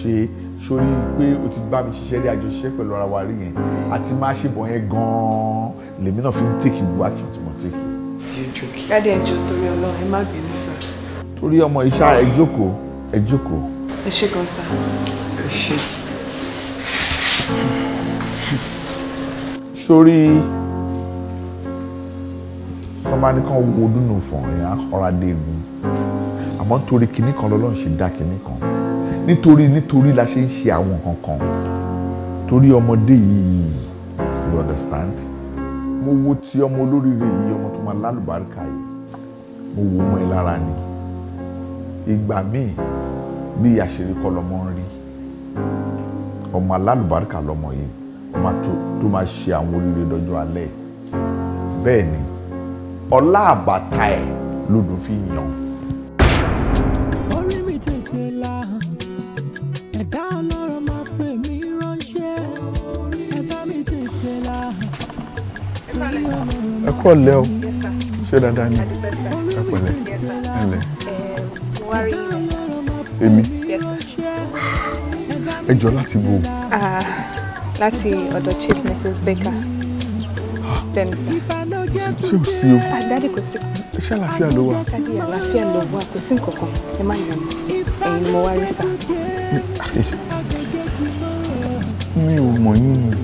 ṣe sórí pé o ti bá mi ṣiṣẹ́ rí àjọṣiṣẹ́ pẹ̀lú ara wa rí yẹn àti máa ṣe bọ̀ yẹn gan-an lèmi náà fi ń tèkì gbogbo action tí mo tèkì. ẹ má torí ọmọ iṣá ẹ jókòó ẹ jókòó. ẹ ṣe gan sá. ẹ ṣe. sórí sọmọdé wo dúnú fọ̀n yẹn akọ́ra dé inú àmọ́ nítorí kinní kan lọ́lọ́run ṣe dá kinní kan nítorí nítorí la ṣe ń ṣe àwọn kankan torí ọmọdé yìí you understand mo wo ti ọmọ olóríire yìí ọmọ tó máa lálùbáríkà yìí mo wo ọmọ ẹ lára ni ìgbà míì bí àṣírí kọ́ lọ́mọ ń rí ọmọ alálùbáríkà lọ́mọ yìí ọmọ tó máa ṣe àwọn oríire dọjọ́ alẹ́ bẹ́ẹ̀ ni ọlá àbàtà ẹ̀ lòdùn fi yàn. ẹ̀dá ọlọ́run máa pè mí ránṣẹ́ ẹ bá mi tètè là orí ọlọ́run. ẹ kọ́ lẹ́ o ṣé dáadáa ni ẹ pẹ̀lẹ́ ẹ lẹ́. èmi ẹ jọ láti bo. Ah, láti ọ̀dọ̀ chief mrs baker ah. bẹ́ẹ̀ni sá. ṣé o sí o. àdáde ah, kò sí. ṣé àlàáfíà ló wà. àlàáfíà ló wà kò sí nǹkan kan ẹ má yọ̀ mí ẹ̀yin mo wá rí sá mi ò mọ̀ yín ni.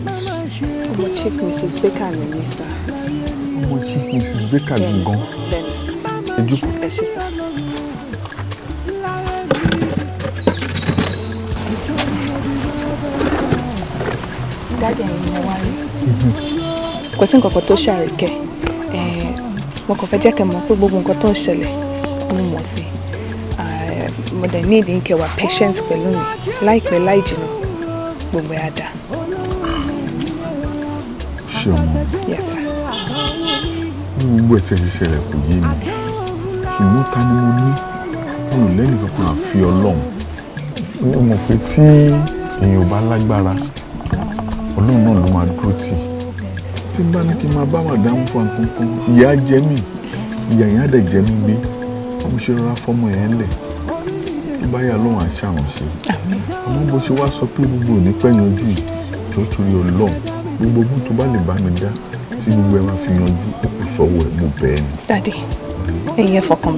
ọmọ chief mrs baker ni mí sá. ọmọ chief mrs baker gangan. bẹ́ẹ̀ni sá. ẹ kò sí nǹkan kan tó ṣàríkẹ́ mo kàn fẹ́ jẹ́ kẹ́ mọ̀ pé gbogbo nǹkan tó ń ṣẹlẹ̀ mo mọ̀ sí i mo dẹ̀ ní ìdí kẹ́ wà patient pẹ̀lú mi láìpẹ́ láì jìnnà gbogbo ẹ̀ á dà. ṣé o mọ gbogbo ẹ̀ tí ẹ ti ṣẹlẹ̀ kò yé mi ṣùgbọ́n ta ni mo ní mo ò lẹ́nu kankan àfi ọlọ́run mo mọ̀ pé tí èèyàn ò bá lágbára ọlọ́run náà ló máa dúró tì tí n bá ní kí n máa bá màdámù fún àkókò ìyá jẹ mí ìyá yẹn á dẹ̀ jẹ mí gbé mo ṣe rọra fọmọ yẹn lẹ̀ bá yà lóhùn àṣà àwọn ṣe àmọ́ bó ṣe wá sọ pé gbogbo ò ní pẹ́ yanjú tó torí ọlọ́run gbogbo ogún tó bá lè bá mi dá tí gbogbo ẹ máa fi yanjú ó kù sọ́wọ́ ẹ̀ mo bẹ́ẹ̀ ni. dadi ẹ̀yin ẹ fọkàn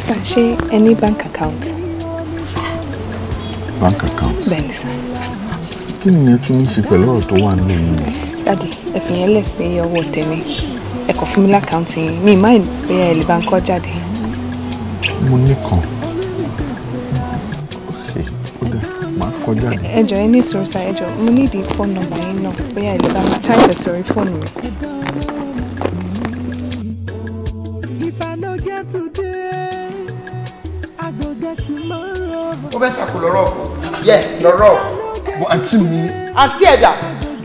sá ṣé ẹ bank account. bank account. bẹ́ẹ̀ni sá. kí ni ìyẹn tún ń ṣe pẹ̀lú ọ̀rọ̀ tó wà nílẹ̀ yìí ni. dadi ẹ fi yẹn lẹ̀ sí ọwọ́ tẹ̀mí ẹ kò fún mi lákàntì yín mi ì má ì bẹ́ẹ̀ lè bá ń kọ́ jáde. mo ní kan. kọjá. ẹjọ ẹ ní sọ̀rọ̀ sáà ẹjọ mo ní ìdí fóònù nọ́mbà yín náà bóyá ìlú bá máa táìpẹ sórí fóònù rẹ. ó bẹ́ sàkó lọ́rọ̀ yẹ lọ́rọ̀. bọ àǹtí mi. àǹtí ẹ̀dà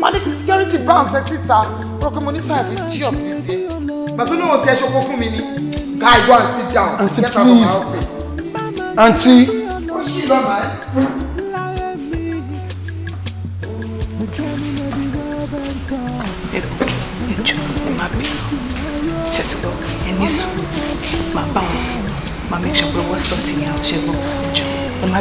wọn ní kí security bounce ẹ síta rọpò mo ní sáà fi jí ọ̀sìn ní tiẹ̀. bàbá olóhùn tí ẹ ṣokó fún mi ni guy go and sit down. aunty please aunty. ó ṣì lọ́mọ ẹ.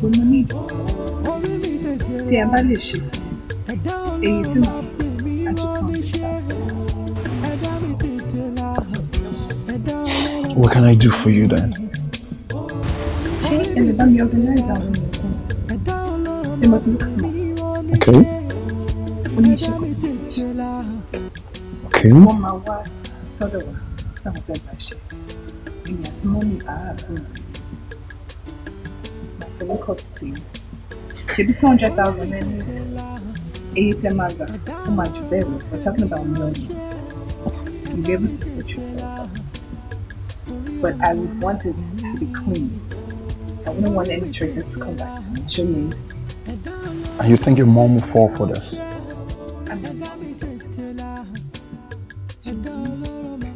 tó mú ní tí a bá lè ṣe èyí tí mo What can I do for you then? She and the band organize our They must look smart. Okay. We need to Okay. Mama, what? Sort of. Some of them are she. And yet, mommy, I have. look up to you ṣebí two hundred thousand nínú èyí tẹ bẹ́ẹ̀ lọ we're talking about millions you'll be able to put yourself up but I would want it to be clean I wouldn't want any traces to come back to me show me. you think your mom will fall for this?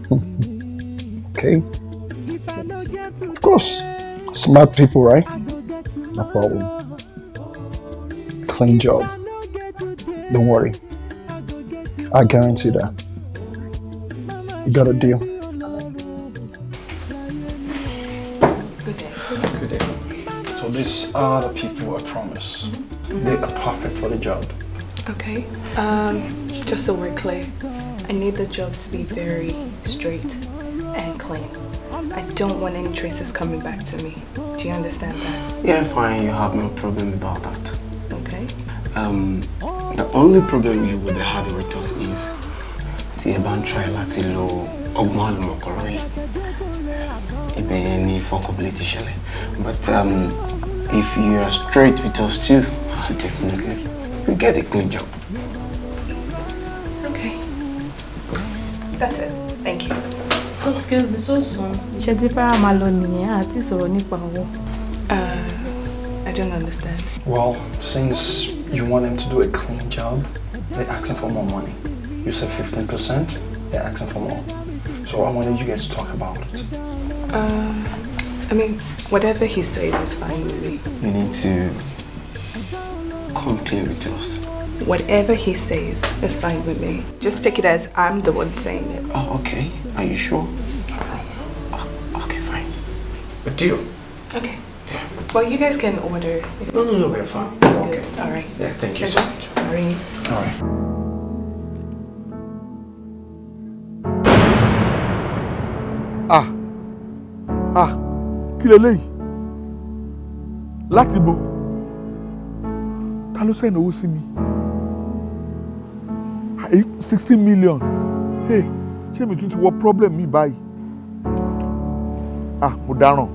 Hmm. okay. Of course. Smart people, right? No problem. Clean job. Don't worry. I guarantee that. You got a deal. Good day. Good day. So these are the people I promise. They are perfect for the job. Okay. Um, just so we're clear, I need the job to be very straight and clean. I don't want any traces coming back to me. Do you understand that? Yeah, fine. You have no problem about that. Okay. Um, the only problem you would have with us is tí ẹ bá ń try láti lo ọgbọ́n àlùmọ̀kọ́rọ̀ yìí ibẹ̀ yẹn ni ìfọkànbalẹ̀ the ban ba n try lati lo ogmal alumokoro yii ni but um, if you are straight with us too definitely you get a clean job. Okay, that's it so scared me so soon. Ṣé tí fara máa lọ nìyẹn àti nípa Uh, I don't understand. Well, since you want him to do a clean job, they're asking for more money. You said 15%, they're asking for more. So I wanted you guys to talk about it. Um, I mean, whatever he says is fine with me. You need to come clean with us. Whatever he says is fine with me. Just take it as I'm the one saying it. Oh, okay. Are you sure? Oh, okay, fine. A deal. Okay. Yeah. Well, you guys can order. No, no, no, we're fine. we okay. All right. Yeah, thank you so much. All right. All right. ah ah Kilele. Latibo. Talo láti bo sixty million hey ṣé mi tún ti problem me buy? ah mo dáràn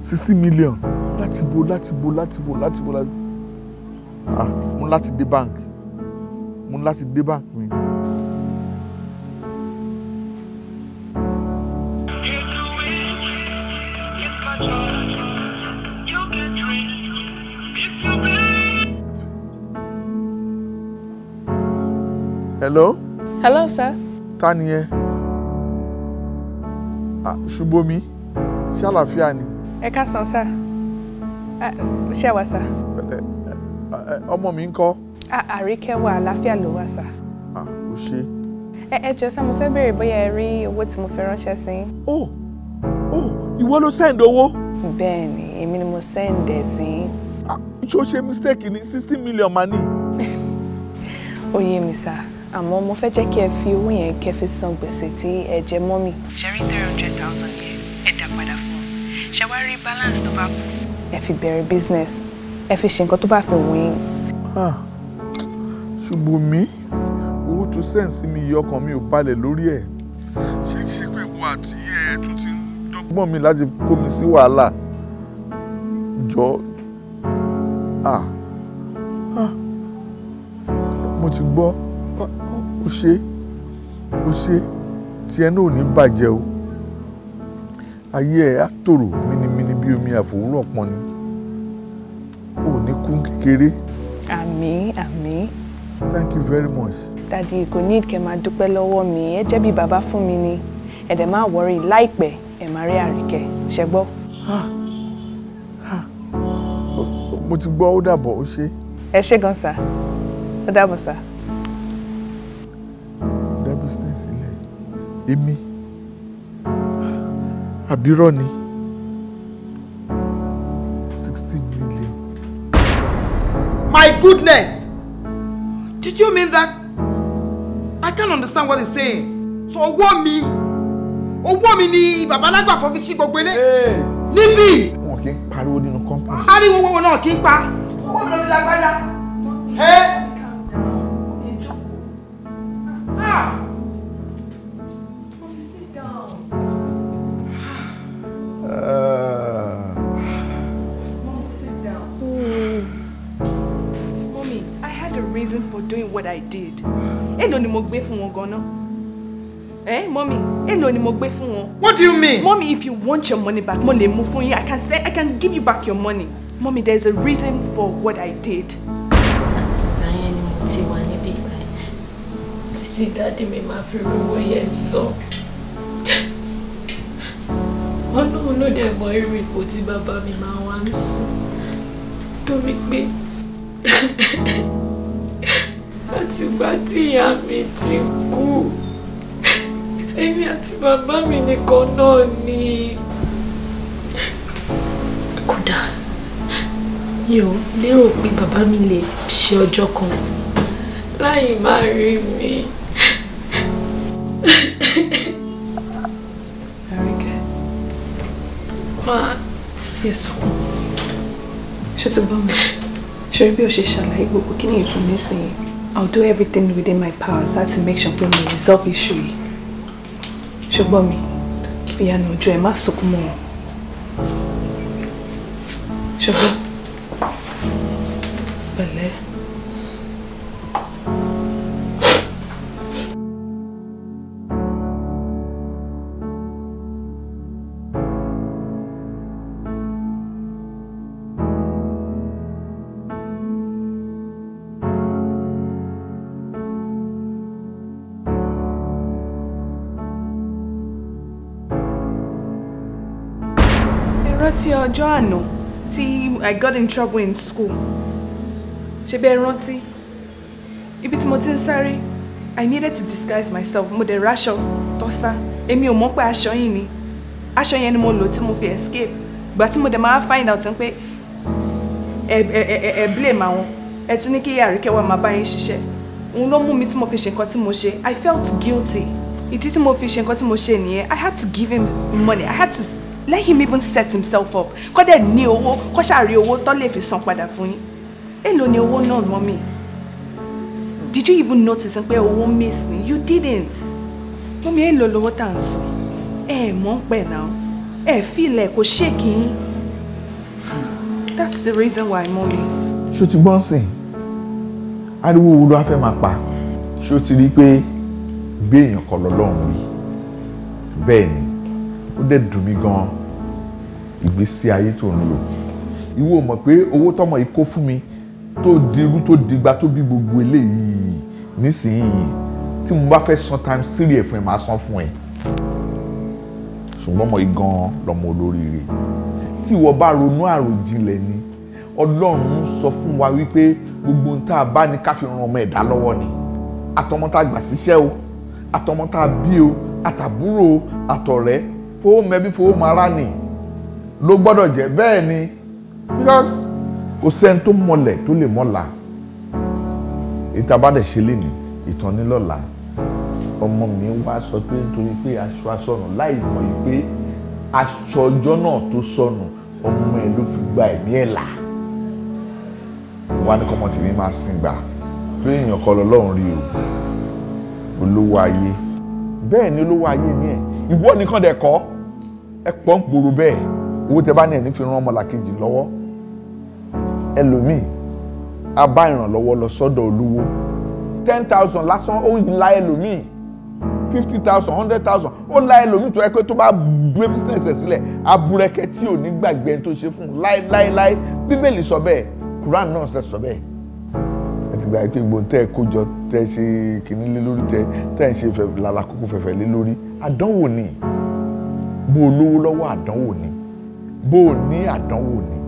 sixty million láti bo láti bo láti bo láti bo láti ah mo láti dé bank mo láti dé bank mi. hello. hello sir. ta Ah, ẹ. ṣùgbọ́mi ṣé àlàáfíà ni. ẹ ká sàn sá eh, ṣé wà sá. Eh, eh, ọmọ mi ń kọ́. Ah, àríkẹ́ wà àlàáfíà ló wà sá. ò ṣe. ẹ jọ sá mo fẹ́ béèrè bóyá ẹ rí owó tí mo fi ránṣẹ́ sí. ó ó ìwọ ló sẹ́ǹd owó. bẹ́ẹ̀ ni èmi ni mo sẹ́ǹd ẹ̀ sí. Ah, ṣó ṣe mistake ni sixty million ma ní. ó mi sá àmọ́ mo fẹ́ jẹ́ kí ẹ fi owó yẹn kẹ́ fi san gbèsè tí ẹ jẹ mọ́ mi. ṣe three hundred thousand yẹn ẹ dá padà fún un ṣe wá rí balance tó bá kù. ẹ fi bẹ̀rẹ̀ business ẹ fi ṣe nǹkan tó bá fi wù yín. ṣùgbọ́n mi owó tó sẹ́ǹsì mi yìí ọkàn mi ò balẹ̀ lórí ẹ̀ ṣé ṣé pé ìwọ àti ẹ tún ti ń dọ́gbọ́n mi láti kó mi sí wàhálà jọ ah ah mo ti gbọ́ ó ṣe ó ṣe tí ẹ náà ò ní bàjẹ́ o ayé ẹ á tòrò minimini bí omi àfòwúrọ̀ pọn ni ò ní kú kékeré. àmín àmín. thank you very much. dadi kò ní kẹ́ máa dúpẹ́ lọ́wọ́ mi ẹ jẹ́ bí bàbá fún mi ni ẹ dẹ̀ máa wọrí láìpẹ́ ẹ máa rí àríkẹ́ ṣe gbọ́. mo ti gbọ́ ó dàbọ̀ ó ṣe. ẹ ṣé gan sa ó dàbọ̀ sa. èmi àbírọ̀ ni sixty million. my goodness did you mean that i can't understand what he's saying so owó mi owó mi ni babalágbàfọ́ fi ṣí gbogbo ilé níbí. wọn kì í pariwo nínú kọ́ńpọ̀sì. ariwo wo náà kì í pa owó mi ló ní lágbádá. ẹ. ah. ah. I did. Èló ni mo gbé fún wọn gan-an. Eh, mommy, èló ni mo gbé fún wọn. What do you mean? Mommy, if you want your money back, mo lè mú fún yín. I can say I can give you back your money. Mommy, there's a reason for what I did. Àtìgbà yẹn ni mo ti wà níbí ìgbà Títí dáàdì mi máa fi rí yẹn sọ. Ọlọ́run ló dẹ̀ mọ irú ipò tí bàbá mi máa wá ń sìn. Torí pé. àtìgbà tí ìyá mi ti kú èmi àti bàbá mi nìkan náà ni. kódà mi ò lérò pé bàbá mi lè ṣe ọjọ́ kan láì má rí mi. ṣé tó bá mi ṣe bí o ṣe ṣàlàyé gbogbo kí ni ìtùnú sí yìí. I'll do everything within my powers to make sure we mo resolve issue Shobomi, Ṣùgbọ́n mi, ìyanu ojú ẹ má sunkún mọ́ wọn. Ṣùgbọ́n, ọjọ́ àná tí I got in trouble in school ṣe bẹ́ẹ̀ rántí ibi tí mo ti ń sáré I needed to disguise myself mo dẹ̀ ráṣọ tọ́sá èmi ò mọ̀ pé aṣọ yìí ni aṣọ yẹn ni mo lò tí mo fi escape ìgbà tí mo dẹ̀ máa find out pé ẹ blame àwọn ẹ tún ní kí àríkẹ́ wa máa bá yín ṣiṣẹ́ òun ló mú mi tí mo fi ṣe nǹkan tí mo ṣe I felt guilty ìdí tí mo fi ṣe nǹkan tí mo ṣe nìyẹn I had to give him money I had to let him even set himself up kó dẹ̀ ní owó kó ṣàrí owó tó lè fi san padà fún yín èló ni owó náà mọ́ mi did you even notice pé owó miss me. you didn't mọ́ mi èló lówó tá à ń sọ ẹ mọ̀ ń pẹ̀ náà ẹ fi ilẹ̀ kó ṣèkì yín that's the reason why mọ́ mi. ṣó ti gbọ́n sìn ariwo wo ló wá fẹ́ máa pa ṣó ti rí i pé béèyàn kọ́ lọ́lọ́run rí bẹ́ẹ̀ ni ó dẹ̀ dùn mí gan-an ìgbésí ayé tó ń lò ìwọ mọ̀ pé owó tọmọ yìí kó fún mi tó dirú tó digba tó bí gbogbo eléyìí nísìnyìí tí mo bá fẹ́ san times three ẹ̀ fún ẹ màá san fún ẹ ṣùgbọ́n ọmọ yìí gan-an lọ́mọ olóríire tí ìwọ bá ronú àròjinlẹ̀ ni ọlọ́run sọ fún wa wípé gbogbo ohun tá a bá ní ká fi ran ọmọ ẹ̀dá lọ́wọ́ ni àtọmọ tá a gbà síṣẹ́ o àtọmọ tá a bí o àtàbúrò o àtọ̀rẹ́ fowó mẹ́bí fowó máa rà nìyí ló gbọ́dọ̀ jẹ́ bẹ́ẹ̀ ni because kò sẹ́ni tó mọlẹ̀ tó lè mọ́la ìtàbádẹ̀ ṣe lè ní ìtàn nílọ́la ọmọ mi wá sọ pé nítorí pé aṣọ asọnù láì mọ̀ yìí pé aṣọ ọjọ́ náà tó sọnù ọmọ ẹ̀ ló fi gba ẹ̀mí ẹ̀ là wọ́n á ní kọ́mọ tìrì máa sin gbà pé èèyàn kọ́ lọ́lọ́run rí o olówó ayé bẹ́ẹ̀ ni olówó ayé ni ẹ̀ ìwọ nìkan dẹ̀ kọ́ ẹ̀ pọ́ǹpù rú bẹ́ẹ̀ owó tẹ bá ní ẹni fi ran ọmọlàkejì lọ́wọ́ ẹlòmíì á bá ìrànlọ́wọ́ lọ sọ́dọ̀ olúwo ten thousand lásán ó ń la ẹlòmíì fifty thousand hundred thousand ó la ẹlòmíì tó yẹ pé tó bá gbé bísínẹ̀sì sílẹ̀ aburẹkẹ tí ò ní gbàgbé ẹni tó ṣe fún un láéláéláé bíbélì sọ bẹ́ẹ̀ quran náà ṣe sọ bẹ́ẹ̀ ẹ ti gbà pé gbòǹtẹ kójọ tẹ ṣe kìnní lé lórí tẹ tẹ ń ṣe làlàkókò fẹ̀fẹ̀ lé lórí àdánwò ni bó olówó lọ́wọ́ àdánwò ni bó o ní àdánwò ni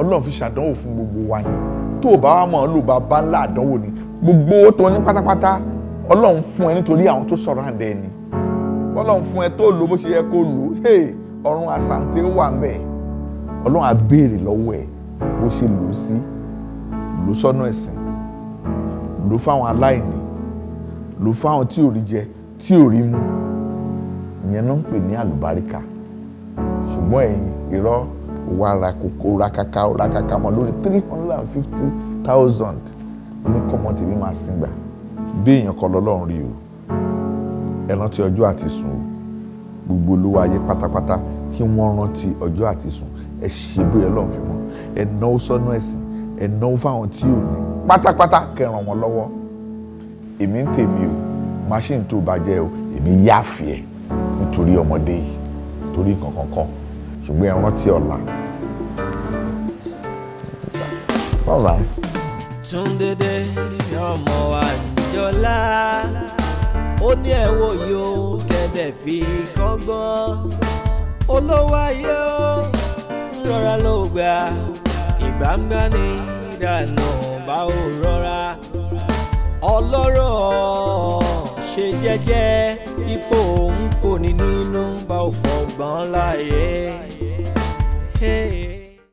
ọlọ́run fi ṣàdánwò fún gbogbo wa ni tó o bá wà mọ̀ ọ́ bá ńlá àdánwò ni gbogbo owó tó ní pátápátá ọlọ́run fún ẹ nítorí àwọn tó sọ̀rọ̀ àǹdẹ ni ọlọ́run fún ẹ tó lò bó ṣe yẹ kó lò hey ọ̀run àsàǹtẹ wà ń bẹ̀ ọlọ́run á béèrè lọ́wọ́ ẹ bó ṣe lò ó sí lò ó sọ́nà ẹ̀sìn lò ó fáwọn aláìní lò ó fáwọn tí ò rí jẹ tí ò rí mu ìyẹn náà ń pè ní àlùbáríkà ṣùgbọ́n ẹ̀yin irọ́ wà ra kòkó ra mọ́ lórí three hundred and fifty thousand oníkọ́mọ tèmi máa sin gbà bí èèyàn kan lọ́lọ́run rí o ẹ rántí ọjọ́ àti sùn gbogbo olówó ayé pátápátá kí wọ́n rántí ọjọ́ àti sùn ẹ ṣe bí ọlọ́run fi mọ́ ẹ náwó sọ́nú ẹ̀sìn ẹ náwó fáwọn tí ò ní pátápátá kẹ́ ràn lọ́wọ́ èmi ń tèmi o machine tó bàjẹ́ o èmi yáàfì ẹ̀ nítorí ọmọdé yìí torí nǹkan kankan ṣùgbọ́n ẹ rántí ọ̀la. ọ̀la. túndéédé ọmọ àjọlá ó ní ẹ yóò kẹ́dẹ̀ fi kọ́gbọ́n olówó ayé ó rọra ló gbà ìgbà ní ìdáná bá ò rọra ọlọ́rọ̀ ṣe jẹ́jẹ́ ipò òun kò ní nínú bá ò fọgbọ́n láàyè. hey